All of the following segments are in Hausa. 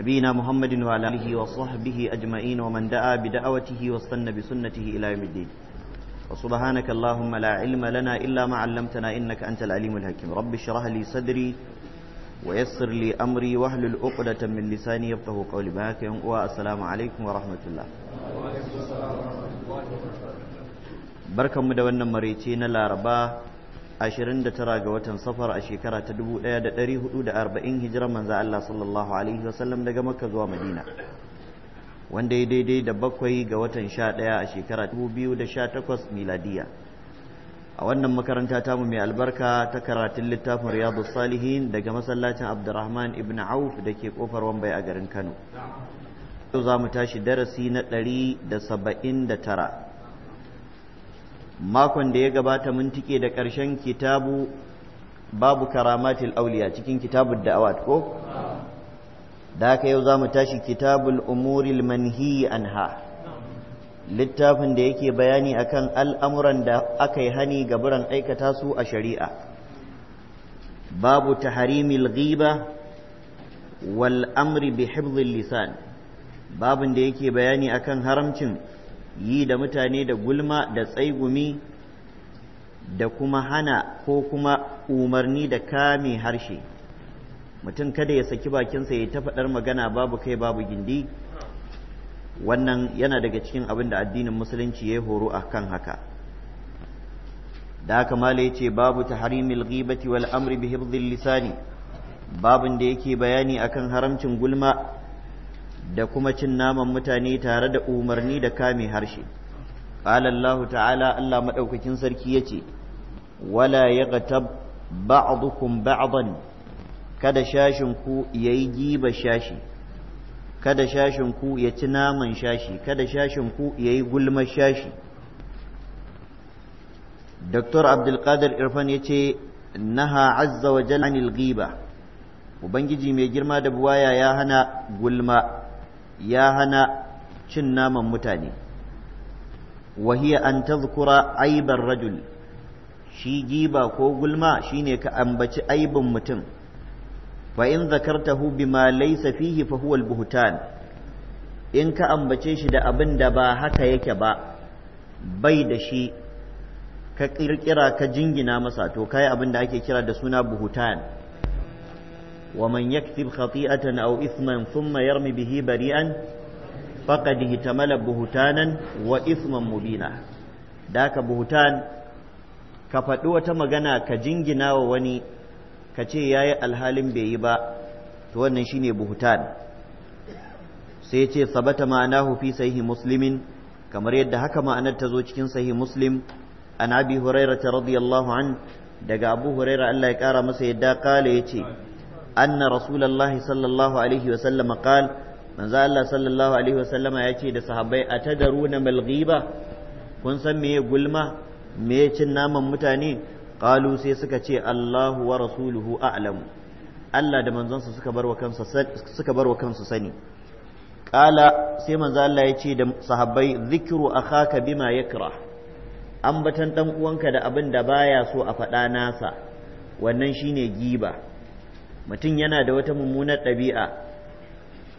نبينا محمد وعلى آله وصحبه أجمعين ومن دعا بدعوته واستنى بسنته إلى يوم الدين وسبحانك اللهم لا علم لنا إلا ما علمتنا إنك أنت العليم الحكيم رب اشرح لي صدري ويسر لي أمري واحلل عقدة من لساني يفقه قولي بهاك والسلام عليكم ورحمة الله بركة مدونا مريتين الأربعة 29 ga watan safar a shekara ta 1440 hijirar manza Allah sallallahu alaihi wasallam daga makka zuwa madina wanda ya daidai da bakwai ga watan 11 a shekara 2018 miladiya a wannan makaranta tamu mai albarka ta karatun littafin riyadu salihin daga masallacin abdurrahman ibn auf da ke kofar wambai a garin kano yau za mu tashi darasi na 179 makon da ya gabata mun tike da ƙarshen kitabu babu karamatul auliya cikin kitabun da'awat ko da haka yau za mu tashi kitabul umuril manhi anha littafin da yake bayani akan al'amuran da aka yi hani ga buran aikata su a shari'a babu taharimil ghiba wal amri bi hifzil lisan babin da yake bayani akan haramcin yi da mutane da gulma da tsaigumi da kuma hana ko kuma umarni da kame harshe mutum kada ya saki bakinsa ya ta faɗar magana babu kai babu gindi wannan yana daga cikin abin da addinin musulunci ya horo a kan haka da haka ya ce babu taharimil ghibati wal amri bi lisani babin da yake bayani akan haramcin gulma da kuma cin naman mutane tare da umarni da kame harshe qala Allah ta'ala Allah maɗaukacin sarki yace wala yaghtab ba'dukum ba'dan kada shashin ku yi giba shashi kada shashin ku ya ci naman shashi kada shashin ku yayi gulma shashi Dr. Abdulkadir Irfan ya ce, Naha azza wa jalla anil Ubangiji mai girma da buwaya ya hana gulma ya hana cin naman mutane wahiya an tazkura aibar rajul shi giba ko gulma shine ka ambaci aibin mutum fa in zakartahu bima laysa fihi fa huwa buhutan, in ka ambace shi da abin da ba haka yake ba bai da shi ka kirkira ka jingina masa to kai abin da ake kira da suna buhutan ومن يكتب خطيئة أو إثما ثم يرمي به بريئا فقد اهتمل بهتانا وإثما مبينا ذاك بهتان كفتوة مغنى كجنجنا ووني كتي ياي الهالم بيبا توانا شيني بهتان سيتي ثبت معناه في سيه مسلم كما يد هكما أن تزوج سيه مسلم عن أبي هريرة رضي الله عنه دقى أبو هريرة ألا يكارى مسيدا قال يتي anna rasulullahi sallallahu alaihi wa sallam qal manzo Allah sallallahu alaihi wa sallama yace da sahabbai atadaruna mal ghiba kun san meye gulma meye cin naman mutane qalu sai suka ce Allahu wa rasuluhu a'lamu Allah da manzonsa suka barwa kansu suka sani qala sai manzo Allah yace da sahabbai zikru akhaka bima yakrah uwanka da abin da baya so a faɗa nasa wannan shine giba mutum yana da wata mummunar ɗabi'a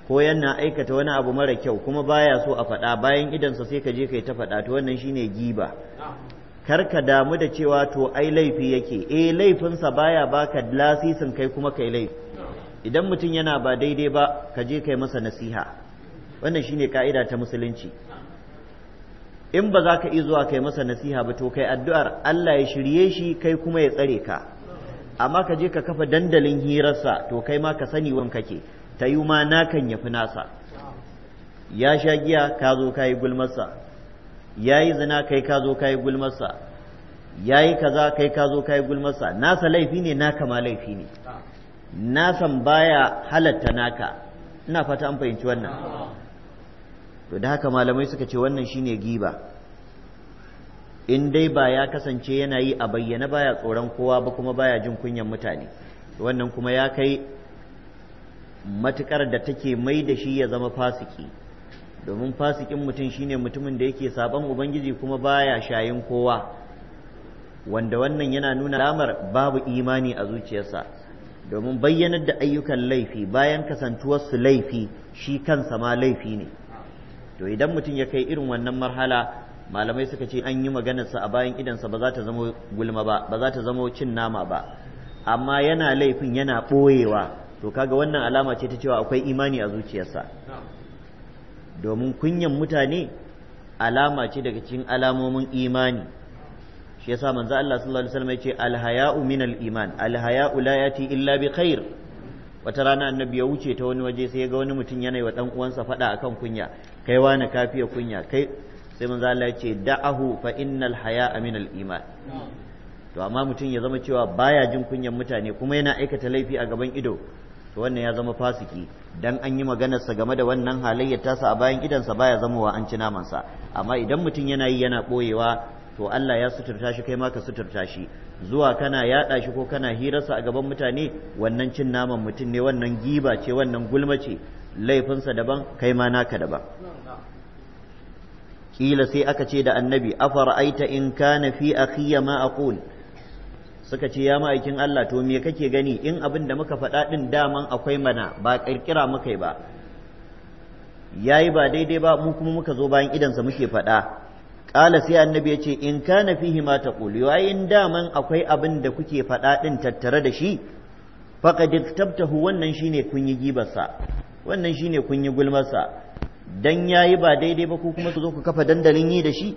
ko yana aikata wani abu mara kyau kuma baya so a faɗa bayan idansa sai ka je kai ta faɗa to wannan shine giba kar ka damu da cewa to ai laifi yake eh laifinsa baya baka lasisin kai kuma kai laifi idan mutum yana ba daidai ba ka je kai masa nasiha wannan shine ka'ida ta musulunci in ba za ka iya zuwa kai masa nasiha ba to kai addu'ar Allah ya shirye shi kai kuma ya tsare ka amma ka je ka kafa dandalin hirarsa to kai ma ka sani wani kake ta yi ma nakan ya fi nasa ya sha giya ka zo ka yi gulmarsa ya yi zina kai ka zo ka yi gulmarsa ya yi kaza kai ka zo ka yi gulmarsa nasa laifi ne naka ma laifi ne nasan baya halatta naka ina fata an fahimci wannan to da haka malamai suka ce wannan shine giba in dai ba ya kasance yana yi a bayyana baya tsoron kowa ba kuma baya jin kunyan mutane wannan kuma ya kai matukar da take mai da shi ya zama fasiki domin fasikin mutum shine mutumin da yake saban ubangiji kuma baya shayin kowa wanda wannan yana nuna alamar babu imani a zuciyarsa domin bayyanar da ayyukan laifi bayan kasantuwarsu laifi shi kansa ma laifi ne to idan mutum ya kai irin wannan marhala malamai suka ce an yi maganarsa a bayan idansa ba za ta zama gulma ba ba za ta zama cin nama ba amma yana laifin yana ɓoyewa to kaga wannan alama ce ta cewa akwai imani a zuciyarsa domin kunyan mutane alama ce daga cikin alamomin imani shi yasa manzo Allah sallallahu alaihi wasallam ya ce alhaya'u minal iman alhaya'u la yati illa bi khair wata rana annabi ya wuce ta wani waje sai ya ga wani mutum yana wa dan uwansa fada akan kunya kai wani kafiya kunya kai sai manzo Allah ya ce da'ahu fa innal haya'a minal iman to amma mutum ya zama cewa baya jin kunyan mutane kuma yana aikata laifi a gaban ido to wannan ya zama fasiki dan an yi maganar sa game da wannan halayyar tasa a bayan sa baya zama wa an ci naman sa amma idan mutum yana yi yana boyewa to Allah ya suturta shi kai ma ka suturta shi zuwa kana yaɗa shi ko kana hirarsa a gaban mutane wannan cin naman mutum ne wannan giba ce wannan gulma ce laifinsa daban kai ma naka daban kila sai aka ce da annabi afara'aita in kana fi akhiya ma aqul suka ce ya ma'aikin Allah to me kake gani in abin da muka faɗa din daman akwai mana ba kirkira muka ba yayi ba daidai ba mu kuma muka zo bayan idansa muke faɗa Ƙala sai annabi ya ce in kana fihi ma taqul da daman akwai abin da kuke faɗa din tattare da shi faqad iktabtahu wannan shine kun yi gibarsa wannan shine kun yi gulmarsa dan yayi ba daidai ba ko kuma ku zo ku kafa dandalin yi da shi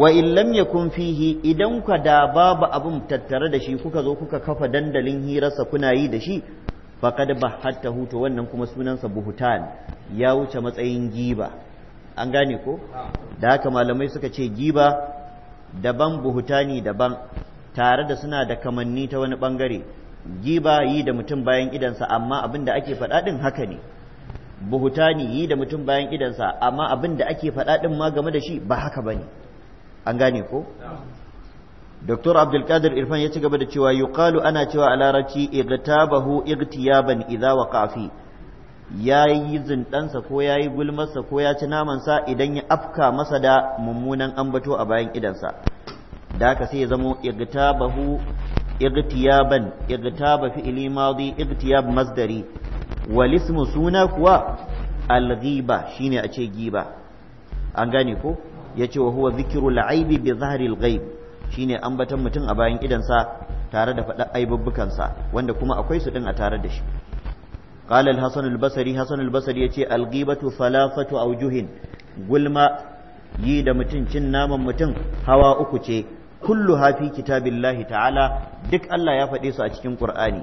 wa in lam yakun fihi idan ka da babu abun tattare da shi kuka zo kuka kafa dandalin hirarsa kuna yi da shi faqad ta to wannan kuma sunansa buhutan ya wuce matsayin giba an gane ko da haka malamai suka ce giba daban buhutani daban tare da suna da kamanni ta wani bangare giba yi da mutum bayan idansa amma abin da ake faɗa ɗin haka ne buhutani yi da mutum bayan idansa amma abin da ake faɗa ɗin ma game da shi ba haka ba an gane ko Dr. Abdulkadir Irfan ya ci gaba da cewa yuqalu ana cewa a larabci igtabahu igtiyaban idza waqa fi yayi zindansa ko yayi gulmarsa ko ya ci namansa idan ya afka masa da mummunan ambato a bayan idansa da haka sai ya zamo igtabahu igtiyaban igtaba fi'li madi igtiyab masdari walismu suna kuwa alghiba shine a giba an gane ko yace wa huwa zikru al'aibi bi shine ambatan mutum a bayan idansa tare da faɗa aibubbukansa wanda kuma akwai su din a tare da shi قال الحسن البصري حسن البصري يتي الغيبة ثلاثة aujuhin gulma yi da mutum cin naman mutum hawa uku ce kullu hafi kitabillahi ta'ala duk Allah ya faɗe su a cikin Qur'ani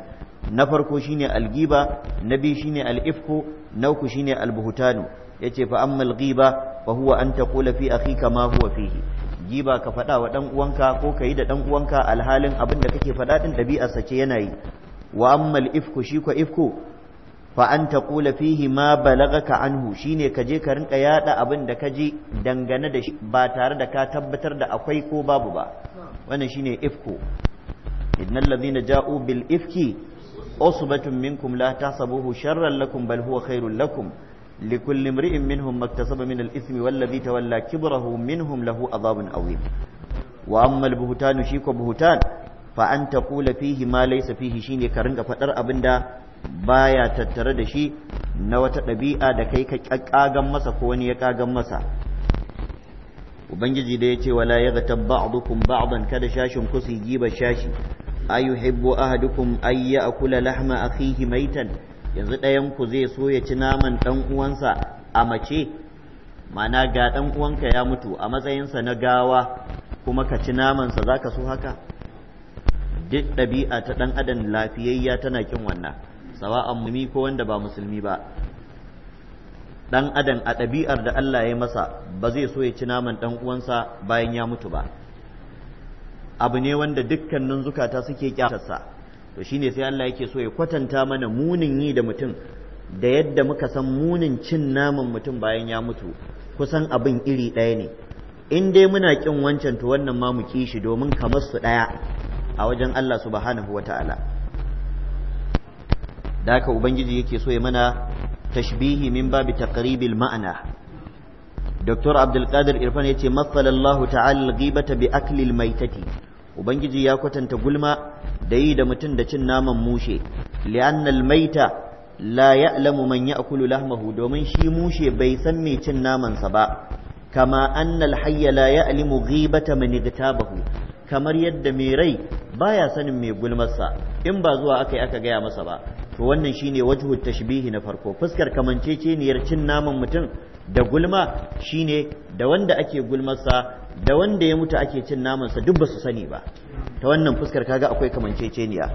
na farko shine algiba na biyu shine al'ifku na uku shine albuhutanu yace fa ammal ghiba fa huwa an taqula fi akhika ma huwa fihi giba ka faɗa wa ɗan uwanka ko ka yi da ɗan uwanka alhalin abin da kake faɗa ɗin sa ce yana yi wa ammal ifku shi ko ifku fa an taqula fihi ma balagaka anhu shine ka je ka rinka yaɗa abin da ka ji dangane da shi ba tare da ka tabbatar da akwai ko babu ba wannan shine ifku innal na ja'u bil ifki usbatun minkum la tasabuhu sharran lakum bal huwa khairul lakum likulli imri'in minhum maktasaba min al-ithmi wallazi tawalla kibrahu minhum lahu adhabun awim wa amma al-buhtan shi ko buhtan fa an taqula fihi ma laysa fihi shine ka ringa fadar abinda baya tattare da shi na wata ɗabi'a da kai ka kagan masa ko wani ya kagan masa ubangiji da ya ce wala ya zata ba'dukum ba'dan kada sashin ku su giba shashi ayuhibbu ahadukum ay ya'kula lahma akhihi maitan yanzu ɗayan ku zai so ya ci naman dan uwansa a mace mana ga ɗan uwanka ya mutu a matsayinsa na gawa kuma ka ci naman sa zaka so haka duk ɗabi'a ta dan adam lafiyayya tana kin wannan sawa'an mumi ko wanda ba musulmi ba Ɗan adam a ɗabi'ar da Allah ya masa ba zai so ya ci naman ɗan uwansa bayan ya mutu ba abu ne wanda dukkanin zukata suke kyatarsa to shine sai Allah yake so ya kwatanta mana munin yi da mutum da yadda muka san munin cin naman mutum bayan ya mutu kusan abin iri ɗaya ne in dai muna ƙin wancan to wannan ma mu ki shi domin kamar su ɗaya a wajen Allah subhanahu wata'ala da haka ubangiji yake so ya mana tashbihi min babi taqribil ma'ana Dr. Abdulkadir Irfan ya ce, Matsalallahu ta'ala gibata bi aklil maitati, Ubangiji ya kwatanta gulma da yi da mutum da cin naman mushe, li'annal maita la ya'lamu man ya'kulu lahmahu domin shi mushe bai san mai cin namansa ba, kama annal hayya la ya'limu ghibata man igtabahu kamar yadda mai rai baya sanin mai gulmarsa in ba zuwa aka yi aka gaya masa ba to wannan shine wajhu tashbihi na farko fuskar kamanceceniyar cin naman mutum da gulma shine da wanda ake gulmarsa da wanda ya mutu ake cin namansa duk ba su sani ba ta wannan fuskar kaga akwai kamanceceniya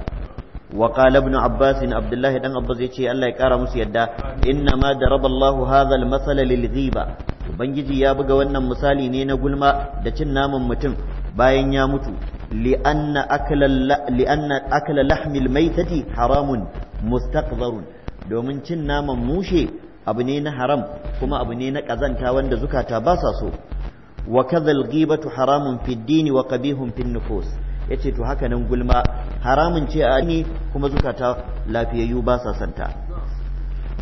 wa qala ibn abbas abdullah dan abbas yace Allah ya kara musu yadda inna ma daraballahu hadha al-masala lil ghiba ubangiji ya buga wannan misali ne na gulma da cin naman mutum bayan ya mutu li'anna akala lahmil maitati haramun mustaqdarun domin cin naman mushe abu ne na haram kuma abu ne na kazanta wanda zukata ba sa so wa kadhal ghibatu haramun fid dini wa qabihun fin nufus yace to haka nan gulma haramun ce a ni kuma zukata lafiyayyu ba sa santa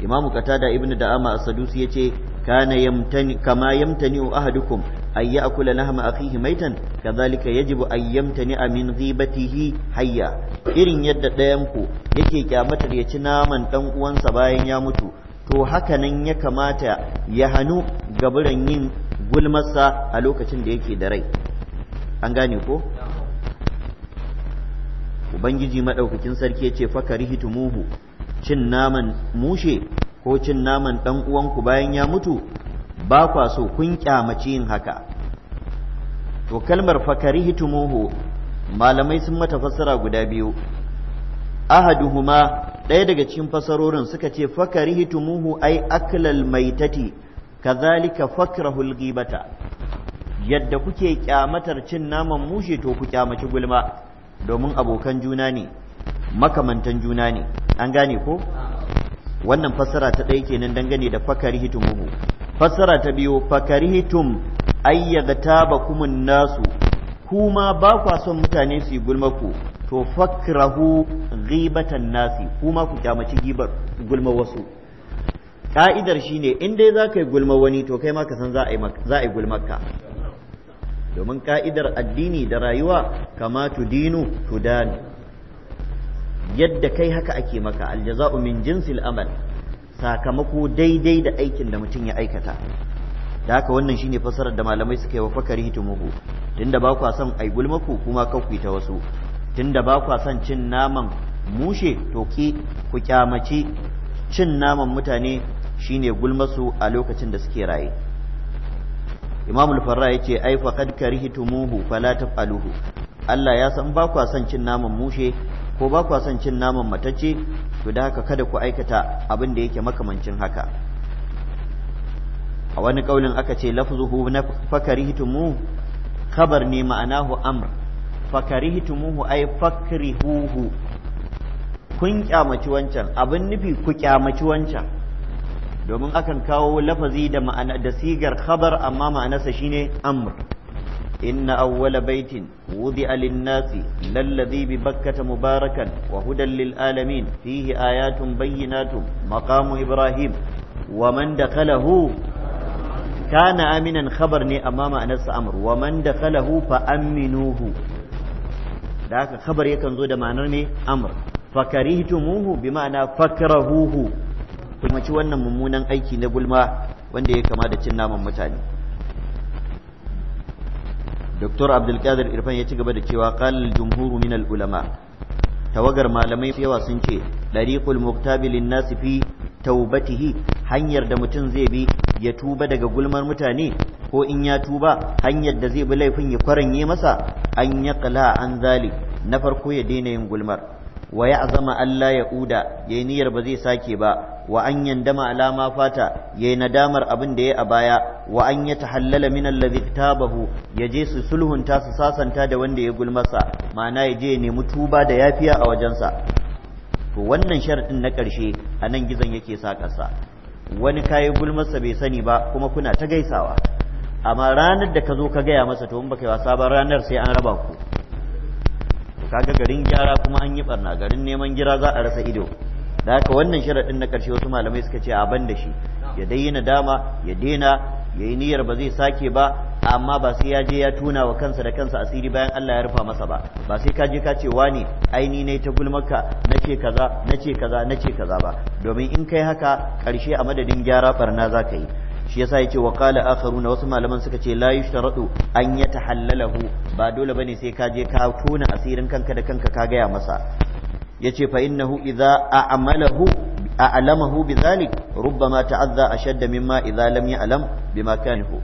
imamu qatada ibnu da'ama as-sadusi yace kana yamtani kama yamtani ahadukum ay ya'kula lahma akhihi maitan kadhalika yajibu ay yamtani min ghibatihi hayya irin yadda dayan ku yake kyamatar ya ci naman dan uwansa bayan ya mutu to hakanan ya kamata ya hannu biran yin gulmarsa a lokacin da yake da rai an gane ko ubangiji maɗaukakin sarki ya ce Fakari muhu cin naman mushe ko cin naman ɗan uwanku bayan ya mutu ba kwa so kun kyamaci yin haka to kalmar Fakari muhu malamai sun mata fassara guda biyu ahaduhuma ɗaya daga cikin fasarorin suka ce fakari fakarihitumuhu ai aklal maitati kazalika fakrahul ghibata yadda kuke kyamatar cin naman mushe to ku kyamaci gulma domin abokan juna ne makamantan juna ne an gane ko wannan fasara ta ɗaya kenan dangane da fakarihitumuhu fasara ta biyu fakarihitum taba bakumun nasu kuma ba kwa son mutane su yi gulmaku to fakrahu ghibatan nasi kuma ku kyamaci gibar gulma wasu ka'idar shine in dai za ka gulma wani to kai ma ka san za a yi ka domin ka'idar addini da rayuwa kama tu dan yadda kai haka ake maka aljaza'u min jinsil amal sakamako daidai da aikin da mutum ya aikata da haka wannan shine fasarar da malamai suka yi wa fakari tumuhu tunda ba ku son ai gulmaku kuma kakkuita wasu tunda ba kwa son cin naman mushe to ku kyamaci cin naman mutane shine gulmasu a lokacin da suke raye Imam al-Farra yace ai faqad karihtumuhu fala taf'aluhu Allah ya san ba kwa son cin naman mushe ko ba kwa son cin naman matace to da haka kada ku aikata abin da yake makamancin haka a wani kaulin aka ce lafzuhu na fakarihtumu kabar ne ma'ana ma'anahu amr fakarihtumuhu ai fakrihuhu kun kyamaci wancan abin nufi ku kyamaci wancan domin akan kawo lafazi da ma'ana da sigar khabar amma ma'anarsa shine amr inna awwala baitin wudi'a lin-nasi lalladhi bi bakkata mubarakan wa hudan lil alamin fihi ayatun bayyinatun maqamu ibrahim wa man dakhalahu kana aminan khabar ne amma ma'anarsa amr wa man dakhalahu fa aminuhu da haka khabar yakan zo da ma'anar ne amr fakarihtumuhu bi ma'ana fakrahuhu ku mace wannan mummunan aiki na gulma wanda ya kama da cin naman mutane Dr. Abdulkadir Irfan ya ci gaba da cewa qal jumhuru min ulama tawagar malamai yawa sun ce dariqul muqtabilin nasi fi taubatihi hanyar da mutum zai bi ya tuba daga gulmar mutane ko in ya tuba hanyar da zai bi laifin ya kwaranye masa an ya kala an zali na farko ya daina yin gulmar wa ya azama Allah ya uda ya niyyar ba zai sake ba wa an yandama alama fata yayi nadamar abin da ya a baya wa an ya tahallala min allazi ya yaje su sulhunta su sasanta da wanda ya gulmasa ma'ana ya je ya nemi tuba da yafiya a wajensa to wannan sharadin na karshe a nan gizon yake sakarsa wani kayi gulmarsa bai sani ba kuma kuna ta gaisawa amma ranar da ka zo ka gaya masa to in baka yi wasa ba ranar sai an raba ku kaga garin gyara kuma an yi barna garin neman gira za a rasa ido da haka wannan sharaɗin na ƙarshe wasu malamai suka ce a ban da shi ya daina dama ya daina ya yi niyyar ba zai sake ba amma ba sai ya je ya tuna wa kansa da kansa asiri bayan Allah ya rufa masa ba ba sai ka je ka ce wani aini ne ta gulmaka nace kaza nace kaza nace kaza ba domin in kai haka ƙarshe a madadin gyara barna za ka yi shi yasa yace wa qala akharuna wasu malaman suka ce la yushtaratu an yatahallalahu ba dole bane sai ka je ka tuna asirin kanka da kanka ka gaya masa yace fa innahu idza a'malahu a'lamahu bidhalik rubbama ta'azza ashadd mimma idza lam ya'lam bima kanahu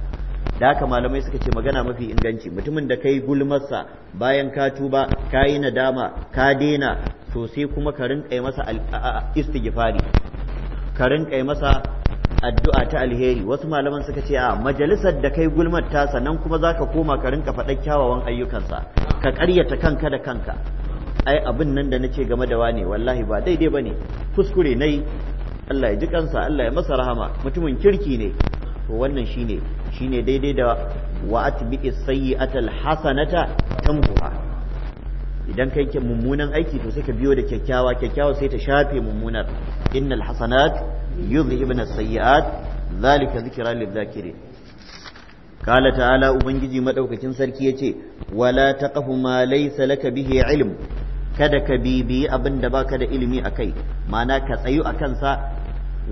da haka malamai suka ce magana mafi inganci mutumin da kai gulmarsa bayan ka tuba ka yi nadama ka daina to sai kuma ka rinƙa masa istighfari ka rinƙa masa addu'a ta alheri wasu malaman suka ce a majalisar da kai gulmar tasa nan kuma zaka koma ka rinka faɗa kyawawan ayyukansa ka ƙaryata kanka da kanka ai abin nan da nake game da wane wallahi ba daidai bane kuskure nayi Allah ya ji kansa Allah ya masa rahama mutumin kirki ne to wannan shine shine daidai da wa atbi'i sayyi'ata alhasanata tamhuha idan kai ke mummunan aiki to sai ka biyo da kyakkyawa kyakkyawa sai ta shafe mummunar innal hasanat yudhibna as-sayyi'at zalika zikra lil dhakirin قال تعالى أبنجي مدعوك كن سركي ولا تقف ما ليس لك به علم kada ka bibiyi abin da baka da ilimi a kai ma'ana ka tsayu a kansa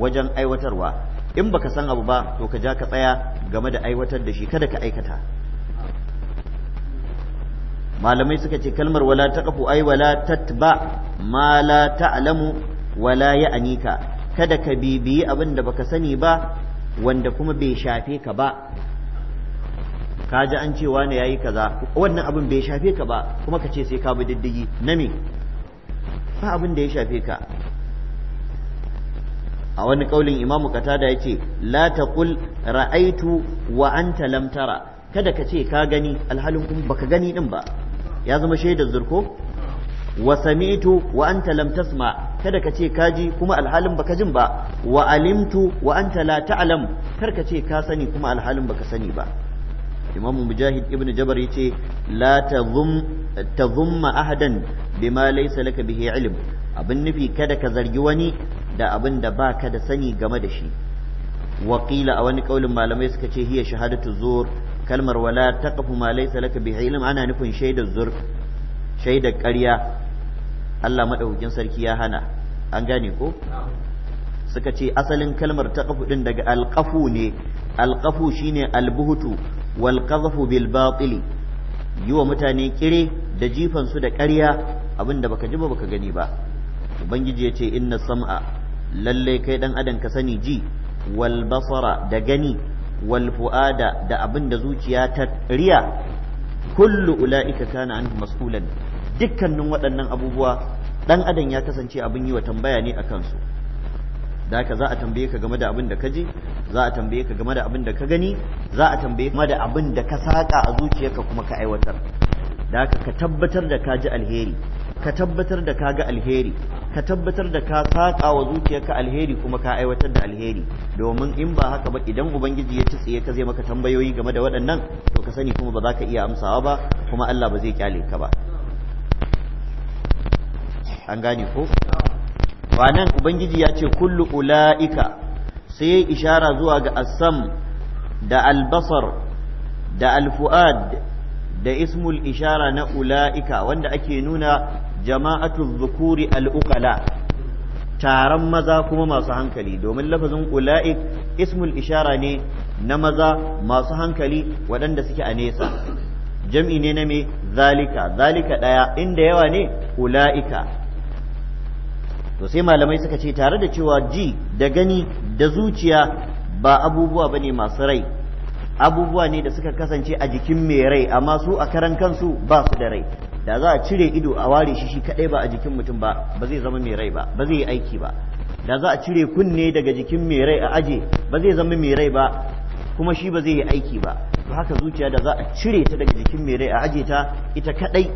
wajen aiwatarwa in baka san abu ba to ka ja ka tsaya game da aiwatar da shi kada ka aikata malamai suka ce kalmar wala taqfu ai wala tatba ma la ta'lamu wala ya'nika kada ka bibiyi abin da baka sani ba wanda kuma bai shafe ka ba ka ji an ce wane yi kaza wannan abin bai shafe ka ba kuma ka ce sai ka bi diddigi na me ba abin da ya shafe ka a wani kaulin imamu katada ya ce la kul ra'aitu wa an talamtara kada ka ce ka gani alhalin kuma baka gani din ba ya zama shaidar zurko wa sami'tu wa anta lam kada ka ce ka ji kuma alhalin baka jin ba wa alimtu wa an ta'lam kar ka ce ka sani kuma alhalin baka sani ba imam mujahid ibn jabar yace la tazumma ahadan bima laysa laka bihi ilm abin nufi kada ka zargi wani da abin da baka da sani game da shi wakila a wani kaulin malamai suka ce hiya shahadatu zur kalmar wala taqfu ma laysa laka bihi ilm ana nufin shaidar zur shaidar ƙarya Allah madaukakin sarki ya hana an gane ko suka ce asalin kalmar taqafu din daga alqafu ne alqafu shine albuhutu wal qadhfu bil batili yi wa mutane kire da jifan su da ƙarya abinda baka ji ba baka gani ba ubangiji ya ce inna sam'a lalle kai dan adam ka sani ji wal basara da gani wal fuada da abinda zuciya ta riya kullu ula'ika kana an mas'ulan dukkanin waɗannan abubuwa dan adam ya kasance abin yi wa tambaya ne akan su da haka za a tambaye ka game da abin da ka ji za a tambaye ka game da abin da ka gani za a tambaye ka da abin da ka saka a zuciyarka kuma ka aiwatar da haka ka tabbatar da ka ji alheri ka tabbatar da ka ga alheri ka tabbatar da ka saka wa zuciyarka alheri kuma ka aiwatar da alheri domin in ba haka ba idan ubangiji ya ci tsaye ka zai maka tambayoyi game da waɗannan to ka sani kuma ba za ka iya amsawa ba kuma Allah ba zai kyale ka ba an gane ko ba nan ubangiji ya ce kullu ula'ika sai ishara zuwa ga asam da albasar da alfu'ad da ismul ishara na ula'ika wanda ake nuna jama'atu zukuri al'ukala taron maza kuma masu hankali domin lafazin ula'ik ismul ishara ne na maza masu hankali waɗanda suke a nesa jam'i ne na me zalika zalika ɗaya inda yawa ne ula'ika to sai malamai suka ce tare da cewa ji da gani da zuciya ba abubuwa ba ne masu rai abubuwa ne da suka kasance a jikin mai rai amma su a karan kansu ba su da rai da za a cire ido a ware shi shi kadai ba a jikin mutum ba ba zai zama mai rai ba ba zai yi aiki ba da za a cire kunne daga jikin mai rai a aje ba zai zama mai rai ba kuma shi ba zai yi aiki ba to haka zuciya da za a cire ta daga jikin mai rai a aje ta ita kadai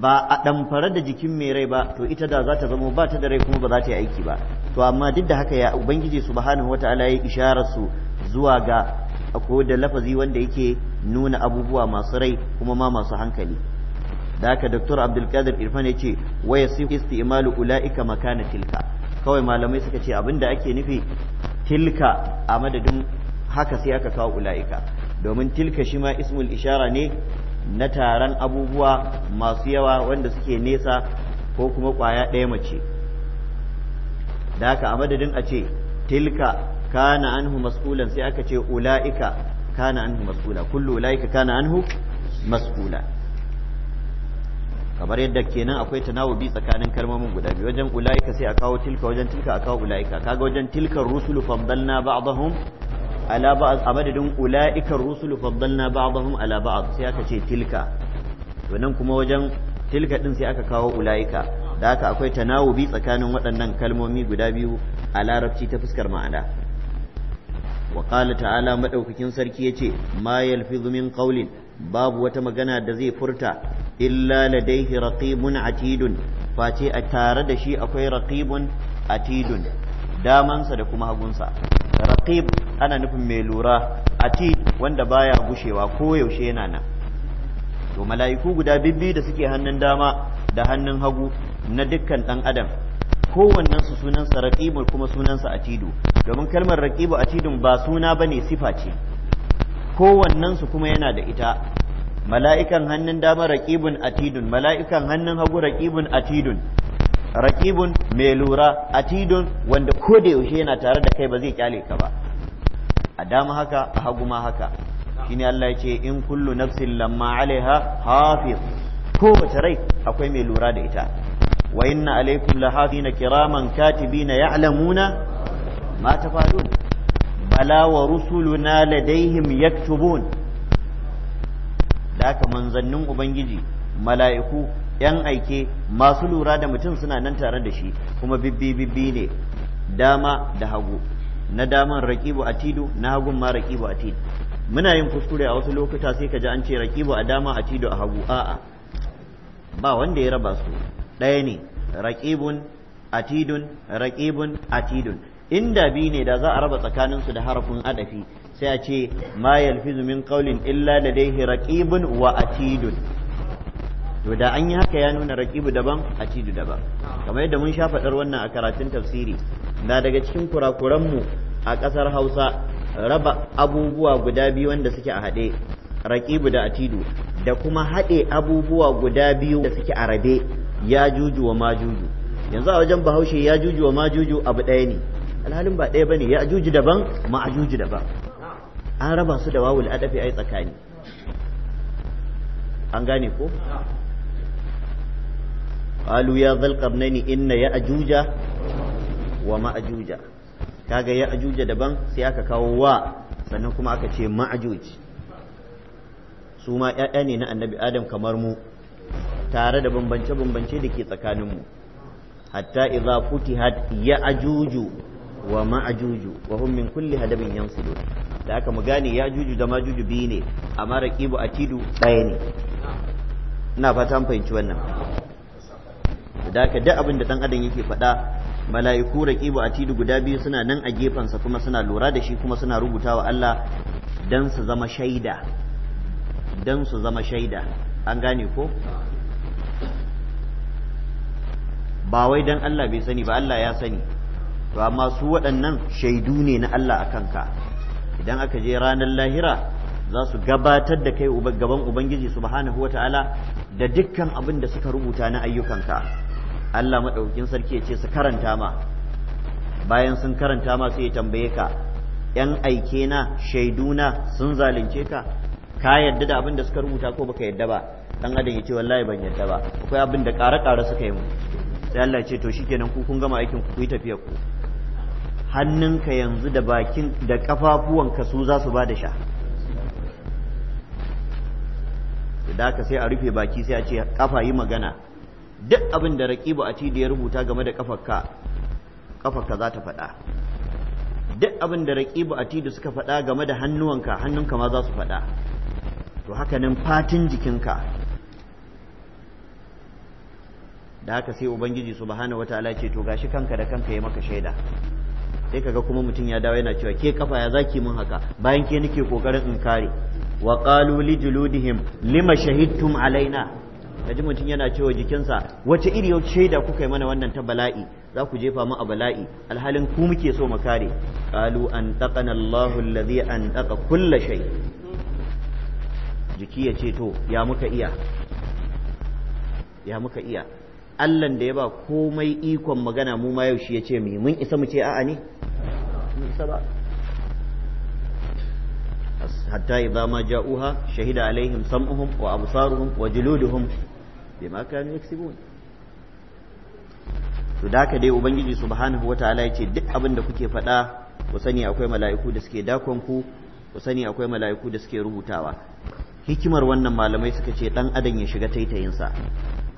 ba a ɗamfara da jikin mai rai ba to ita da za ta zama ba ta da rai kuma ba za ta yi aiki ba to amma duk da haka ya ubangiji subhanahu wata'ala ya isharar su zuwa ga ko da lafazi wanda yake nuna abubuwa masu rai kuma ma masu hankali da haka Dr. Abdulkadir Irfan ya ce wa ya isti'malu ula'ika makana tilka kawai malamai suka ce abin da ake nufi tilka a madadin haka sai aka kawo ula'ika domin tilka shi ma ismul ishara ne na taron abubuwa masu yawa wanda suke nesa ko kuma ƙwaya ɗaya mace da haka a madadin a ce tilka kana anhu mas'ulan sai aka ce ula'ika kana anhu mas'ula kullu ula'ika kana anhu mas'ula kamar yadda kenan akwai bi tsakanin kalmomin guda biyu wajen ula'ika sai a kawo tilka wajen tilka a kawo ula'ika kaga wajen tilkar rusulu faddalna ba'dahum ala ba'd a madadin ula'ikar rusulu faddalna ba'dahum ala ba'd sai aka ce tilka to nan kuma wajen tilka din sai aka kawo ula'ika da haka akwai tanawubi tsakanin waɗannan kalmomi guda biyu a larabci ta fuskar ma'ana wa qala ta'ala madaukakin sarki yace ma yalfizu min qawlin babu wata magana da zai furta illa ladayhi raqibun atidun face a tare da shi akwai raqibun atidun damansa da kuma hagunsa raqib ana nufin mai lura atid wanda baya gushewa ko yaushe yana nan to mala'iku guda bibbi da suke hannun dama da hannun hagu na dukkan dan adam kowannen su sa raqib kuma sunan sa atidu domin kalmar raqib atidun ba suna bane sifa ce kowannen su kuma yana da ita mala'ikan hannun dama raqibun atidun mala'ikan hannun hagu raqibun atidun Raƙibin mai lura a tidon wanda ko da yaushe yana tare da kai ba zai kyale ka ba a dama haka a hagu ma haka shine Allah ya ce in kullu nafsin lamma alaiha hafiz kowace rai akwai mai lura da ita wa inna alaikum lahafina kiraman katibina ya'lamuna ma tafalun bala wa rusuluna ladaihim yaktubun da ka manzannin ubangiji mala'iku 'yan aike masu lura da mutum suna nan tare da shi kuma bibbi bibbi ne dama da hagu na daman raƙibu a tido na hagun ma raƙibu a tido muna yin kuskure a wasu lokuta sai ka ji an ce raƙibu a dama a tido a hagu a'a ba wanda ya raba su ɗaya ne raƙibun atidun raƙibun atidun inda bi ne da za a raba su da harafin adafi sai a ce ma yalfizu min qawlin illa ladayhi raqibun wa atidun to da an yi haka ya nuna raƙibu daban atidu daban kamar yadda mun sha faɗar wannan a karatun tafsiri na daga cikin kurakuranmu a ƙasar Hausa raba abubuwa guda biyu wanda suke a haɗe raƙibu da atidu da kuma haɗe abubuwa guda biyu da suke a rabe ya juju wa juju yanzu a wajen bahaushe ya juju wa juju abu ɗaya ne alhalin ba ɗaya ba ne ya juju daban ma a juju daban an raba su da wawul adafi ai tsakani an gane ko qalu ya zal qarnaini inna ya ajuja wa ma ajuja kaga ya ajuja daban sai aka kawo wa sannan kuma aka ce ma ajuji su ma 'ya'ya ne na annabi adam kamar mu tare da bambance-bambance da ke tsakaninmu hatta idza futihat ya ajuju wa ma ajuju wa hum min kulli hadabin yansilun da aka mu gane ya juju da majuju biyu ne amma raqibu atidu ɗaya ne ina fata fahimci wannan da haka duk abin da dan adam yake faɗa mala'iku raqibu atidu guda biyu suna nan a gefensa kuma suna lura da shi kuma suna rubutawa Allah dan su zama shaida dan su zama shaida an gane ko ba wai dan Allah bai sani ba Allah ya sani to amma su waɗannan shaidu ne na Allah a ka, idan aka je ranar lahira za su gabatar da kai gaban Ubangiji subhanahu wa ta'ala da dukkan abin da suka rubuta na ayyukanka Allah maɗaukin sarki ya ce su karanta ma bayan sun karanta ma sai ya tambaye ka ‘yan aike na shaiduna sun zalunce ka ka yarda da abin da suka rubuta ko baka yadda ba dan adam ya ce wallahi ban yarda ba akwai abin da ƙara-ƙara suka yi mu sai Allah ya ce to shikenan ku kun gama aikin ku ku yi tafiyar ku hannunka yanzu da bakin da kafafuwan ka su za su ba da sha da haka sai a rufe baki sai a ce kafa yi magana duk abin da ti da ya rubuta game da kafarka kafarka za ta faɗa duk abin da ti da suka faɗa game da hannuwanka hannunka ma za su faɗa to haka nan fatin jikinka da haka sai ubangiji subhanahu wataala ce to gashi kanka da kanka ya maka shaida sai kaga kuma mutum ya dawo yana cewa ke kafa ya zaki mun haka bayan ke nake kokarin in kare wa qalu li juludihim lima shahidtum alaina kaji mutum yana cewa jikinsa wace iri shaida kuka yi mana wannan ta bala'i za ku jefa mu a bala'i alhalin ku muke so mu kare qalu an taqana Allahu alladhi an taqa kulla shay jiki ya ce to ya muka iya ya muka iya Allah da ya ba komai ikon magana mu ma yau shi ya ce mun isa mu ce a'a ne Hatta حتى إذا ما جاءوها شهد عليهم سمعهم wa وجلودهم bima kanu yaksibun to da haka dai ubangiji subhanahu wataala yace duk abin da kuke faɗa ku sani akwai mala'iku da suke dakon ku ku sani akwai mala'iku da suke rubutawa hikimar wannan malamai suka ce dan adam ya shiga taitayinsa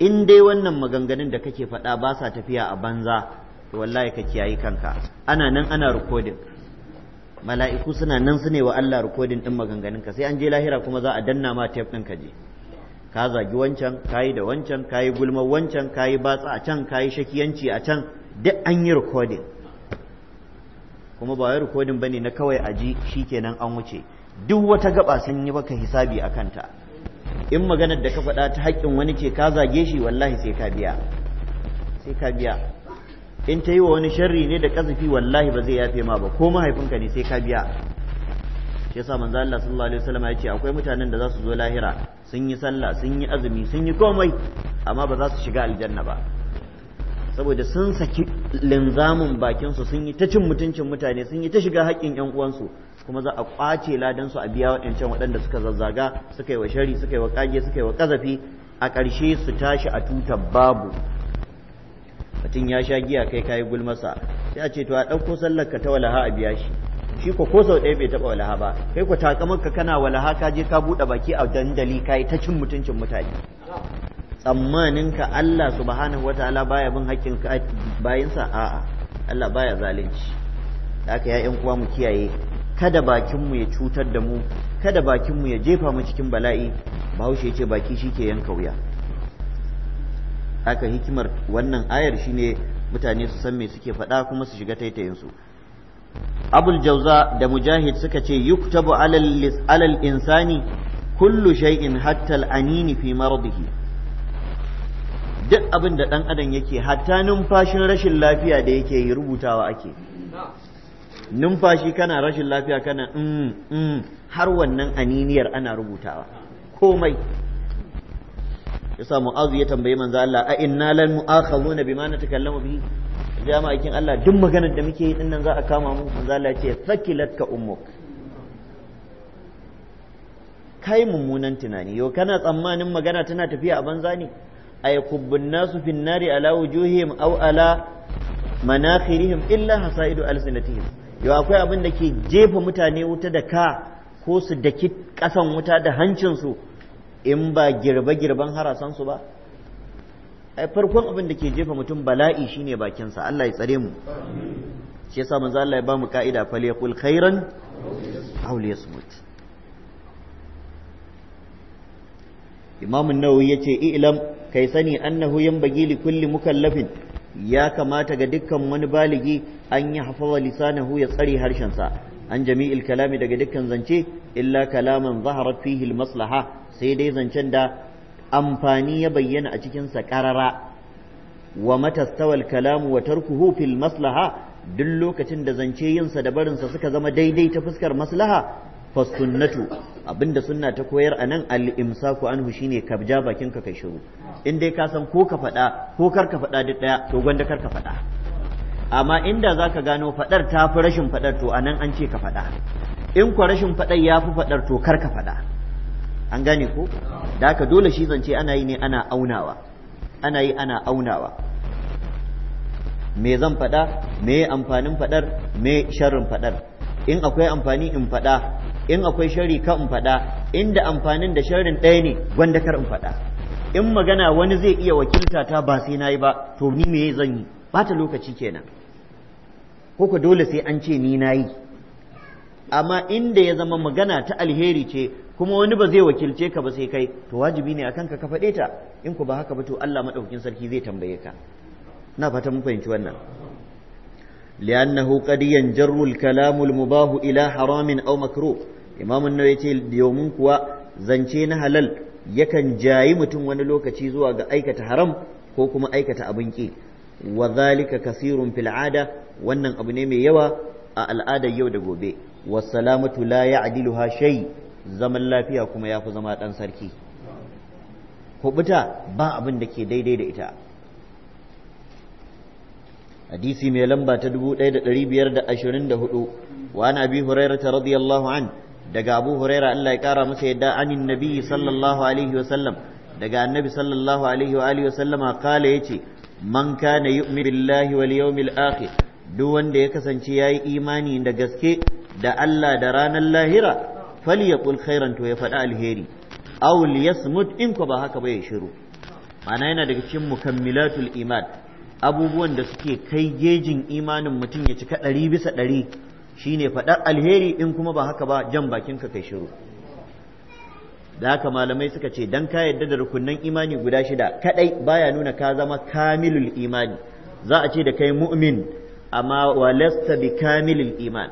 in dai wannan maganganun da kake faɗa ba sa tafiya a banza to wallahi ka kiyayi kanka ana nan ana recording mala'iku suna nan su ne wa Allah recording din maganganun ka sai an je lahira kuma za a danna ma tape ɗin ka je ka zagi wancan ka yi da wancan ka yi gulma wancan ka yi batsa a can ka yi shakiyanci a can duk an yi rikodin kuma ba yi rikodin ba ne na kawai a ji shi shikenan an wuce duk wata gaba sun yi baka hisabi a kanta in maganar da ka faɗa ta haƙƙin wani ce ka zage shi wallahi sai ka biya sai ka biya in ta yi wa wani sharri ne da ƙazafi wallahi ba zai yafe ma ba ko mahaifinka ne sai ka biya shi yasa manzo Allah sallallahu alaihi wasallam ya ce akwai mutanen da za su zo lahira sun yi sallah sun yi azumi sun yi komai amma ba za su shiga aljanna ba saboda sun saki linzamin bakin su sun yi ta cin mutuncin mutane sun yi ta shiga haƙƙin ƴan uwansu kuma za a kwace ladan su a biya waɗancan waɗanda suka zazzaga suka yi wa shari suka yi wa kage suka yi wa kazafi a ƙarshe su tashi a tutar babu mutum ya sha giya kai kayi gulmasa sai a ce to a ɗauko sallar ka ta walaha a biya shi shi ko ko sau ɗaya bai taɓa walaha ba kai ko ka kana walaha ka je ka buɗe baki a dandali ka ta cin mutuncin mutane tsammanin ka Allah subhanahu ta'ala baya bin hakkin bayinsa a'a Allah baya zalunci haka ya uwa mu kiyaye kada bakin mu ya cutar da mu kada bakin mu ya jefa mu cikin bala'i bahaushe ce baki shi ke yanka wuya haka hikimar wannan ayar shine mutane su san me suke faɗa kuma su shiga taitayinsu su abul jauza da mujahid suka ce yuktabu alal insani kullu shay'in hatta al-anini fi maradihi duk abin da dan adam yake hatta numfashin rashin lafiya da yake yi rubutawa ake numfashi kana rashin lafiya kana mm, mm har wannan aniniyar ana rubutawa komai yasa mu'azu ya tambayi manzo Allah a inna lan mu'akhazuna bima natakallamu bihi ya ma'aikin Allah duk maganar da muke yi din nan za a kama mu manzo Allah ya ce sakilat ka ummuk kai mummunan tunani yau kana tsammanin magana tana tafiya a banza ne ay kubbun nasu fin nari ala wujuhihim aw ala manakhirihim illa hasaidu alsinatihim yau akwai abin da ke jefa mutane wuta da ka ko su daki kasan wuta da hancin su in ba girbe-girben su ba farkon abin da ke jefa mutum bala'i shine bakinsa Allah ya tsare mu shi yasa manzo Allah ya ba mu ka'ida falyaqul khairan aw liyasmut Imam an-Nawawi yace i'lam kai sani annahu yanbaghi li kulli mukallafin ya kamata ga dukkan wani baligi an yi hafawa lisanahu ya tsare harshensa an jami'il kalami daga dukkan zance illa kalaman zaharat fihi maslaha sai dai zancen da amfani ya bayyana a cikinsa ƙarara wa matastawal kalamu wa tarkuhu fil maslaha duk lokacin da zance yinsa da barinsa suka zama daidai ta fuskar maslaha fasunnatu abinda sunna ta koyar anan, nan al-imsaku anhu shine ka ja bakin ka kai shiru in dai ka san ko ka faɗa ko kar ka faɗa duk ɗaya to gwanda kar ka faɗa amma inda za ka gano faɗar ta fi rashin faɗar to a an ce ka faɗa in kwa rashin faɗar ya fi faɗar to kar ka faɗa an gane ko da haka dole shi zance ana yi ne ana aunawa ana yi ana aunawa me zan faɗa me amfanin faɗar me sharrin faɗar in akwai amfani in faɗa in akwai shari ka in faɗa inda amfanin da sharrin ɗaya ne gwanda kar in faɗa in magana wani zai iya wakilta ta ba sai na yi ba to ni me zan yi bata lokaci kenan ko dole sai an ce ni nayi. yi amma inda ya zama magana ta alheri ce kuma wani ba zai wakilce ka ba sai kai to wajibi ne akan ka ka faɗe ta in ku ba haka ba to Allah madaukakin sarki zai tambaye ka na fata mun fahimci wannan لأنه قد ينجر kalamul mubahu ila haramin أو مكروه إمام النووي domin kuwa zance na halal yakan jayi mutum wani lokaci zuwa ga aikata haram ko kuma aikata abin ki wa zalika kasirun fil ada wannan abu ne mai yawa a al'adar yau da gobe wasalamatu la ya'diluha shay zaman lafiya kuma yafi zama dan sarki hubuta ba abin da ke daidai da ita hadisi mai lamba ta 1524 wa an abi hurairah radiyallahu an daga abu hurairah Allah ya kara masa yadda anin nabi sallallahu alaihi wa sallam daga annabi sallallahu alaihi wa alihi wa sallama kala yace man kana yu'minu billahi wal yawmil akhir duk wanda ya kasance ya yi imani da gaske da Allah da ranar lahira falyaqul khairan to ya faɗi alheri aw liyasmut in ko ba haka ba ya shiru ma'ana yana daga cikin mukammilatul iman abubuwan da suke kai gejin imanin mutum ya cika ɗari bisa ɗari shine faɗar alheri in kuma ba haka ba jan bakinka kai shiru da haka malamai suka ce dan ka yadda da rukunnan imani guda shida kadai baya nuna ka zama kamilul imani za a ce da kai mu'min amma walasta bi kamilil iman